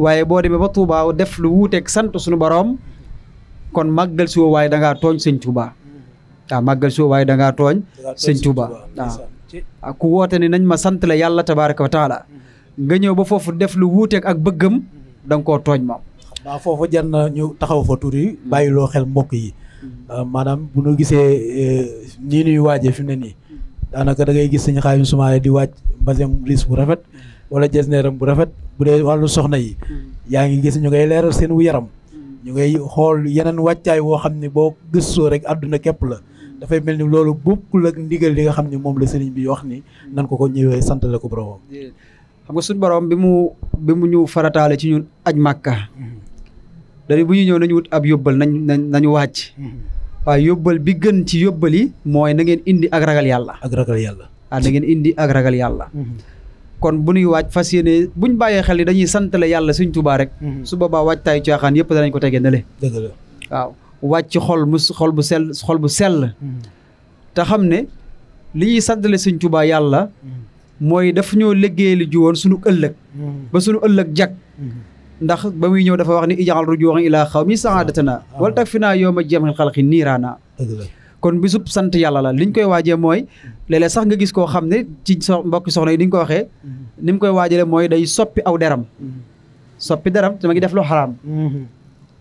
waaye boo demee ba Tuubaa def lu wuuteeg sant suñu boroom kon màggal si woo waaye da tooñ sëñ Tuubaa waaw màggal si ak ku woote ni nañ ma sant la yàlla tabaaraka wa taala mhm. nga ñëw ba foofu def lu wuuteeg ak bëggam mhm. da nga koo tooñ moom. waaw foofu jar na ñu taxaw fa tur mhm. bàyyi loo xel mbokk yi euh, maanaam bu ñu gisee euh, nii nuy waajee fi mu ne nii daanaka da ngay gis suñu xaayum sumaare di waaj mbasin liis bu rafet wala jesneeram bu rafet bu dee wàllu soxna yi yaa ngi gis ñu ngay leeral seen wu yaram ñu ngay xool yeneen wàccaay woo xam ne boo gëstoo rek àdduna képp la dafay mel ni loolu bokkul ak ndigal li nga xam ni moom la sëriñ bi wax ni nan ko ko ñëwee sant la ko boromam xam nga suñ borom bi mu bi mu ñu farataale ci ñun aj màkka mhm. dañu bu ñu ñëw nañu wut ab yóbbal nañ nañu wàcc mhm. waaye yóbbal bi gën ci yóbbal yi mooy na ngeen indi ak ragal yàlla ak ragal yàlla ah na ngeen indi ak ragal yàlla mhm. kon bu ñuy waaj fas yéene buñ bàyyee xel yi dañuy santale yàlla suñ tubaa rek su boobaa waaj taayu caaxaan yëpp danañ ko tegee ne wàcc xol mu xol bu sell xol bu sell te xam ne li ñuy sàddale sëñ Tuubaa yàlla mooy dafa ñoo liggéey li ju suñu ëllëg ba sunu ëllëg jag ndax ba muy ñëw dafa wax ni ijaxal rujuwan ilaa xaw mi saadatana ah. wala tag fi naa yooma jeem xel xalqi niiraana kon bisub sant yàlla la liñ koy waajee mooy léeg-léeg sax nga gis koo xam ne ci so mbokki soxna yi ni ñu ko waxee ni mu koy waajale mooy day soppi aw deram mm-hmm. soppi deram dama ngi def lu xaraam mm-hmm.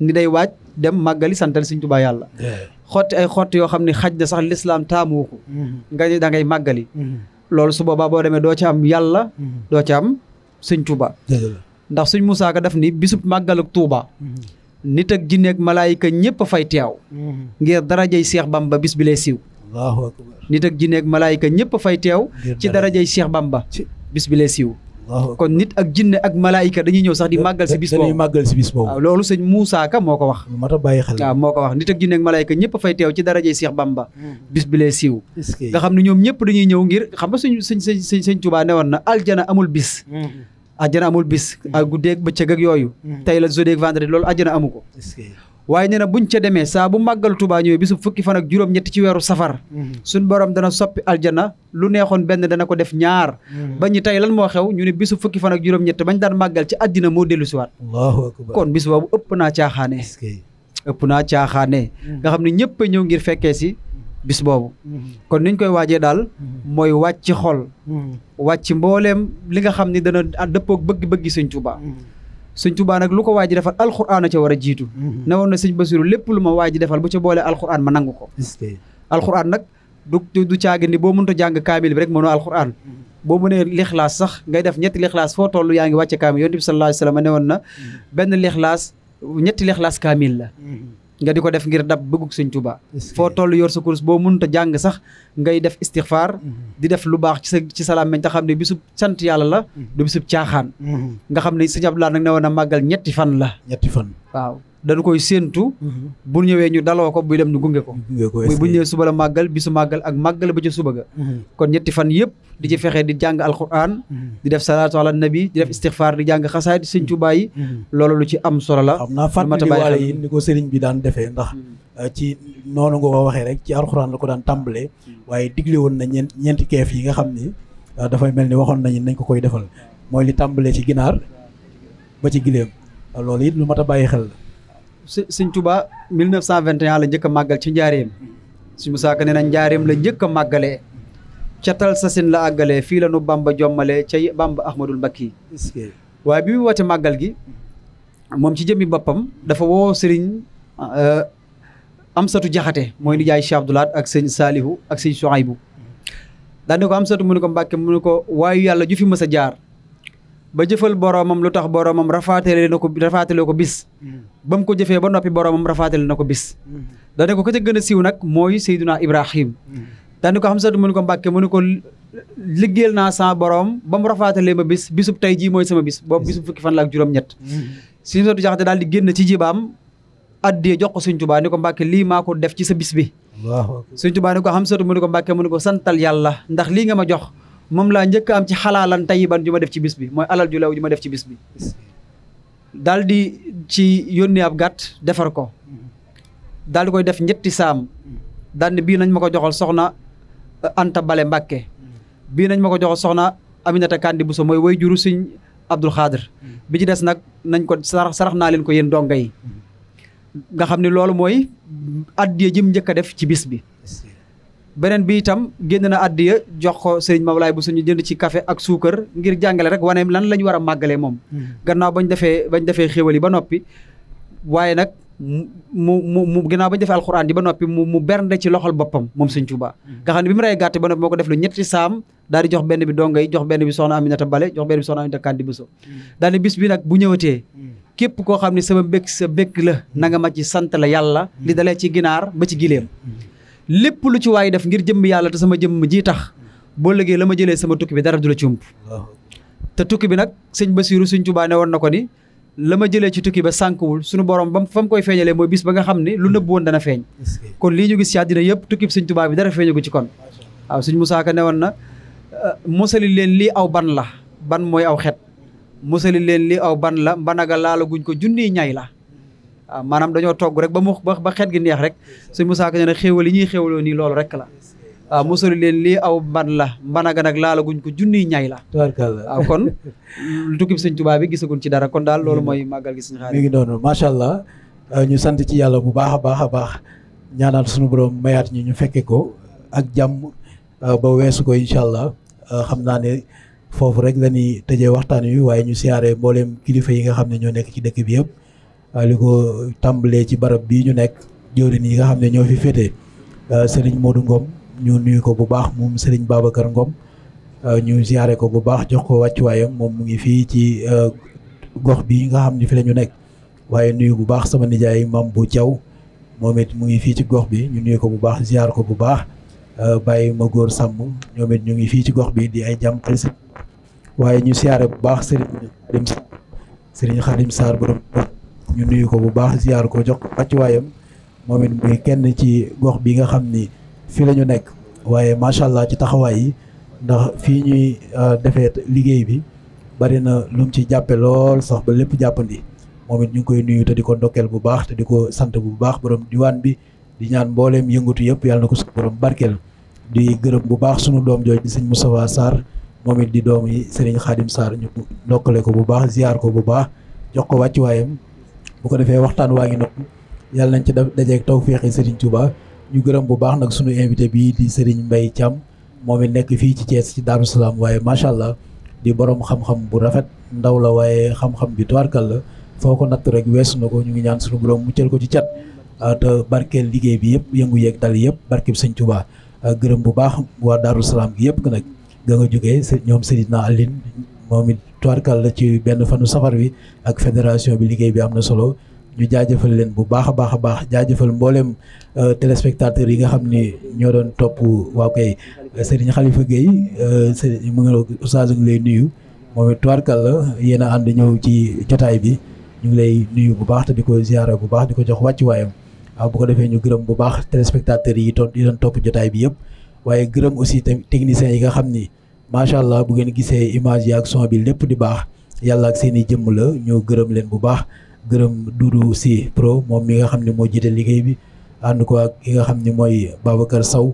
ni day waaj dem màggali santal Sëñ yàlla xotti ay xotti yoo xam ne xaj da sax lislaam taamu ko mm-hmm. nga ne da ngay màggali mm-hmm. loolu su boobaa boo demee doo ci am yàlla mm-hmm. doo ci am Sëñ Tuubaa ndax Sëñ Musaa Ka daf ni bisub màggaluk Tuubaa nit ak jinne ak malaayika ñëpp fay teew ngir darajey Seex Bamba bis bi lay siiw nit ak jinne ak malaayika ñëpp fay teew ci darajey Seex Bamba bis bi lay siiw kon nit ak jinne ak malaayika dañuy ñëw sax di màggal si bis boobu dañuy màggal si bis boobu waaw loolu sëñ Moussa Ka moo ko wax mat a bàyyi xel waaw moo ko wax nit ak jinne ak malaayika ñëpp fay teew ci darajey Cheikh Bamba hmm. bis bi lee siiw nga xam ne ñoom ñëpp dañuy ñëw ngir xam nga sañ sëñ sëñ sëñ Tuubaa ne woon na aljana amul bis hmm. aljana amul bis hmm. ak guddeeg bëccëg ak yooyu tey la jeudi ak vendredi loolu aljana amu ko waaye nee na buñ ca demee saa bu màggal tubaa ñëwee bisu fukki fan ak juróom ñetti ci weeru safar mhm. suñ borom dana soppi aljana lu neexoon benn dana ko def ñaar mhm. ba ñu tey lan moo xew ñu ne bisu fukki fan ak juróom ñett bañ daan màggal ci àddina moo dellu siwaat kon bis boobu ëpp naa caaxaane ëpp naa caaxaane mhm. nga xam ne ñëpp a ñëw ngir fekkee si bis boobu kon niñ koy waajee daal mooy wàcc xol wàcc mbooleem li nga xam ne dana dëppoog bëgg-bëggi sëñ tubaa sëñ Tuubaa nag lu ko waa ji defal alxuraan ca war a jiitu mm-hmm. ne woon na ba Basiru lépp lu ma waa ji defal bu ca boolee alxuraan ma nangu ko alxuraan nag du du caagi ni boo mënta jàng kaamil bi rek mënoo alxuraan mm-hmm. boo mënee lixlaas sax ngay def ñetti lixlaas foo toll yaa ngi wàcce kaamil yonent bi sallallahu alayhi wa ne woon na mm-hmm. benn lixlaas ñetti lixlaas kaamil la nga di ko def ngir dab bëggug sëñ Tuubaa foo toll yor sa kurus boo mënut a jàng sax ngay def istixfaar mhm. di def lu baax ci sa ci salaam meñ te xam ne bisub sant yàlla la mhm. du bisub caaxaan mhm. nga xam ne sëñ Abdoulaye nag ne woon a màggal ñetti fan la ñetti fan waaw danu koy séentu mhm. bu ñëwee ñu daloo ko buy dem ñu gunge ko bu bu ñëwee suba la màggal bisu màggal ak màggal ba ca suba ga mhm. kon ñetti fan yëpp di ci fexe di jàng alquran mhm. di def salaatu ala nabi di def istixfaar di jàng xasaay di sëñ Tuubaa yi loolu lu ci am solo la xam naa fàttali waale yi ni ko sëriñ bi daan defee ndax euh, ci noonu nga ko waxee rek ci alquran la ko daan tàmbalee waaye digle woon na ñeent ñeenti keef yi nga xam ni euh, dafay mel ni waxoon nañu nañ ko koy defal mooy li tàmbalee ci ginaar ba ci gileem loolu it lu mat a bàyyi xel la sëñ Touba 1921 la njëkk a màggal ci njaareem si Musaa Ka nee na njaareem la njëkk a màggalee catal sasin la àggalee fii la Bamba jommalee ca Bamba Ahmadul Mbakki waaye bi mu woote màggal gi moom ci jëmmi boppam dafa woo sëriñ euh, Amsatu Jaxate mooy nijaay Cheikh Abdoulaat ak sëñ Saalihu ak sëñ Suhaybu daane ko Amsatu mu ne ko Mbàkke mu ne ko waayu yàlla ju fi a jaar ba jëfal boroomam lu tax boroomam rafaatale na ko rafaatale ko bis mm. ba mu ko jëfee ba noppi boroomam rafaatale na ko bis mm. daane ko ka ca gën a siiw nag mooy Seydunaa Ibrahim mm. daane ko Xamsatu mu ne ko Mbàkke mu ne ko liggéeyal naa sama boroom ba mu rafaatalee ma bis bisub tey jii mooy sama bis boobu bisub fukki fan la ak juróom-ñett suñu sotu jaxate daal di génn ci jibaam addee jox ko Sëñ Tuubaa ni ko Mbàkke lii maa ko def ci sa bis bi Sëñ Tuubaa ni ko Xamsatu mu ne ko Mbàkke mu ne ko santal yàlla ndax lii nga ma jox moom laa njëkk am ci xalaalan tayiban ju ma def ci bis bi mooy alal ju lew ma def ci bis bi daal ci yónnee ab gàtt defar ko daldi koy def ñetti saam daal ne bii nañ ma ko joxal soxna uh, Anta Bale Mbàkke bii nañ ma ko joxal soxna Aminata bu Bousso mooy woy juru Sëñ Abdul Xaadir bi ci des nag nañ ko sarax sarax naa leen ko yéen donga yi nga xam ne loolu mooy addiye jëm njëkk def ci bis bi beneen bi itam génn na addiya jox ko sëriñ Mawlaay bu suñu jënd ci kafe ak suukar ngir jàngale rek wane lan la ñu war a màggalee moom. Hmm. gannaaw bañ defee bañ defee xéwal yi ba noppi. waaye nag mu mu mu gannaaw bañ defee alxuraan yi ba noppi mu mu bernde ci loxol boppam moom suñ Tuubaa. Hmm. nga xam ne bi mu rey gàtt ba noppi moo ko def lu ñetti saam daal di jox benn bi donga yi jox benn bi soxna Aminata Bale jox benn bi soxna Aminata Kandi Buso. Hmm. daal ne bis bi nag bu ñëwatee. képp koo xam ne sama bëgg sa bëgg la na ma ci sant la yàlla. li dalee ci ginaar ba ci gileem lépp lu ci waay def ngir jëmm yàlla te sama jëmm ji tax boo lëgee la ma jëlee sama tukki bi dara du la ci ump te tukki bi nag sëñ Basiiru sëñ Tuubaa ne woon na ko ni la ma jëlee ci tukki ba sànkuwul suñu borom ba fa mu koy feeñalee mooy bis ba nga xam ne lu nëbb woon dana feeñ kon lii ñu gis ci àddina yëpp tukki bi sëñ Tuubaa bi dara feeñagu ci kon waaw sëñ Musaa Ka ne woon na mosali leen lii aw ban la ban mooy aw xet mosali leen lii aw ban la mbanaga laala guñ ko junniy ñay la Ah, maanaam dañoo togg rek ba mu ba xeet gi neex rek suñ Musaa Ka nee na xéewal yi ñuy xéewaloo nii loolu rek la waaw ah, mosali leen lii aw mban la mbanaga nag laalaguñ ko junniy ñay la waaw ah, kon tukkib sëñ Tuubaa bi gisaguñ ci dara kon daal loolu mooy màggal gi sëñ xaar mi ngi noonu macha allah ñu sant ci yàlla bu baax a baax a baax ñaanal suñu borom mayaat ñi ñu fekke ko ak jàmm ba ko incha allah xam naa ne rek la ñuy tëjee waxtaan wi waaye ñu siyaare mbooleem kilifa yi nga xam ne ñoo nekk ci dëkk bi yëpp li tàmbalee ci barab bii ñu nekk jëwriñ yi nga xam ne ñoo fi féetee euh, sëriñ Modou Ngom ñu nuyu ko bu baax moom sëriñ Babacar Ngom euh, ñu ziare ko bu baax jox ko wàccuwaayam moom mu ngi fii ci euh, gox bii nga xam ne fi nekk waaye nuyu bu baax sama nijaay mam bu Thiaw moom it mu ngi fii ci gox bi ñu nuyu ko bu baax ziar ko bu baax bàyyi ma góor sàmm ñoom it ñu ngi fii ci gox bi di ay jàmm waaye ñu ziare bu baax sëriñ Xadim Sarr borom ñu nuyu ko bu baax ziar ko jox wàccuwaayam moom it muy kenn ci gox bi nga xam ni fii lañu nekk waaye macha allah ci taxawaay yi ndax fii ñuy euh, defee liggéey bi bari na lu ci jàppe lool sax ba lépp jàppandi moom it ñu ngi koy nuyu te di ko ndokkeel bu baax te di ko sant bu baax borom diwaan bi di ñaan mbooleem yëngatu yëpp yàlla ko suñu borom barkeel di gërëm bu baax sunu doom jooju di sëñ Moustapha saar moom it di doom yi sëriñ Xaadim Sarr ñu ndokkale ko bu baax ziar ko bu baax jox ko wàccuwaayam bu ko defee waxtaan waa ngi noppi yàlla nañ ci dajeeg tawféexi Serigne Touba ñu gërëm bu baax nag sunu invité bii di Serigne mbay Thiam moom it nekk fii ci Thiès ci Darou Salaam waaye macha allah di boroom xam-xam bu rafet ndaw la waaye xam-xam bi tubaarkal la foo ko natt rek weesu na ko ñu ngi ñaan sunu borom muccal ko ci cat ah, te barkeel liggéey bi yëpp yëngu yeeg dal yëpp barkeb sëñ Touba ah, gërëm bu baax waa Darou Salaam gi yëpp nag nga nga jógee ñoom Serigne Aline moom it tuwarkal la ci benn fanu safar wi ak fédération bi liggéey bi am na solo ñu jaajëfal leen bu baax a baax a baax jaajëfal mbooleem euh, téléspectateurs yi nga xam ni ñoo doon topp waa koy euh, Serigne Khalifa Gueye euh, Serigne mu ngi oustaz ngi lay nuyu moom it tuwarkal la yéen a ànd ñëw ci jotaay bi ñu ngi lay nuyu bu baax te di ko ziara bu baax di ko jox wàccuwaayam waaw bu ko defee ñu gërëm bu baax téléspectateurs yi doon yi doon topp jotaay bi yëpp waaye gërëm aussi tamit techniciens yi nga xam ni macha allah bu ngeen gisee image yi ak son bi lépp di baax yàlla ak seen i jëmm la ñoo gërëm leen bu baax gërëm Doudou Sy Pro moom mi nga xam ne moo jiite liggéey bi ànd ko ak ki nga xam ne mooy Babacar saw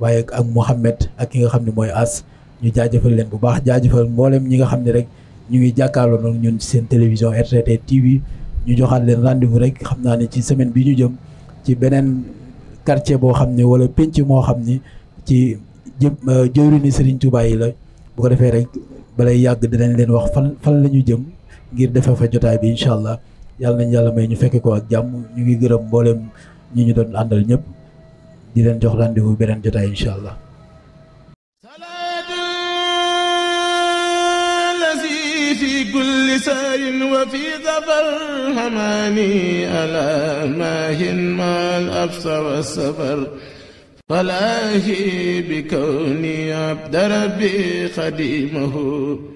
waaye ak Mouhamed ak ki nga xam ne mooy ass ñu jaajëfal leen bu baax jaajëfal mboolem ñi nga xam ne rek ñu ngi jàkkaarloo noonu ñun ci seen télévision RTT TV ñu joxaat leen rendez-vous rek xam naa ne ci semaine bi ñu jëm ci beneen quartier boo xam ne wala pénc moo xam ne ci jë euh, jëwriñu Serigne Touba yi la. bu ko defee rek balay yàgg dinañ leen wax fan fan la ñu jëm ngir defee fa jotaay bi incha allah yàlla nañ yàlla may ñu fekke ko ak jàmm ñu ngi gërëm mbooleem ñi ñu doon àndal ñëpp di leen jox rendez-vous beneen jotaay incha allah في كل سار وفي ظفر هماني ألا ماهن مع الأبصر والسفر falaahi bi kawni abda rabbi xadimahu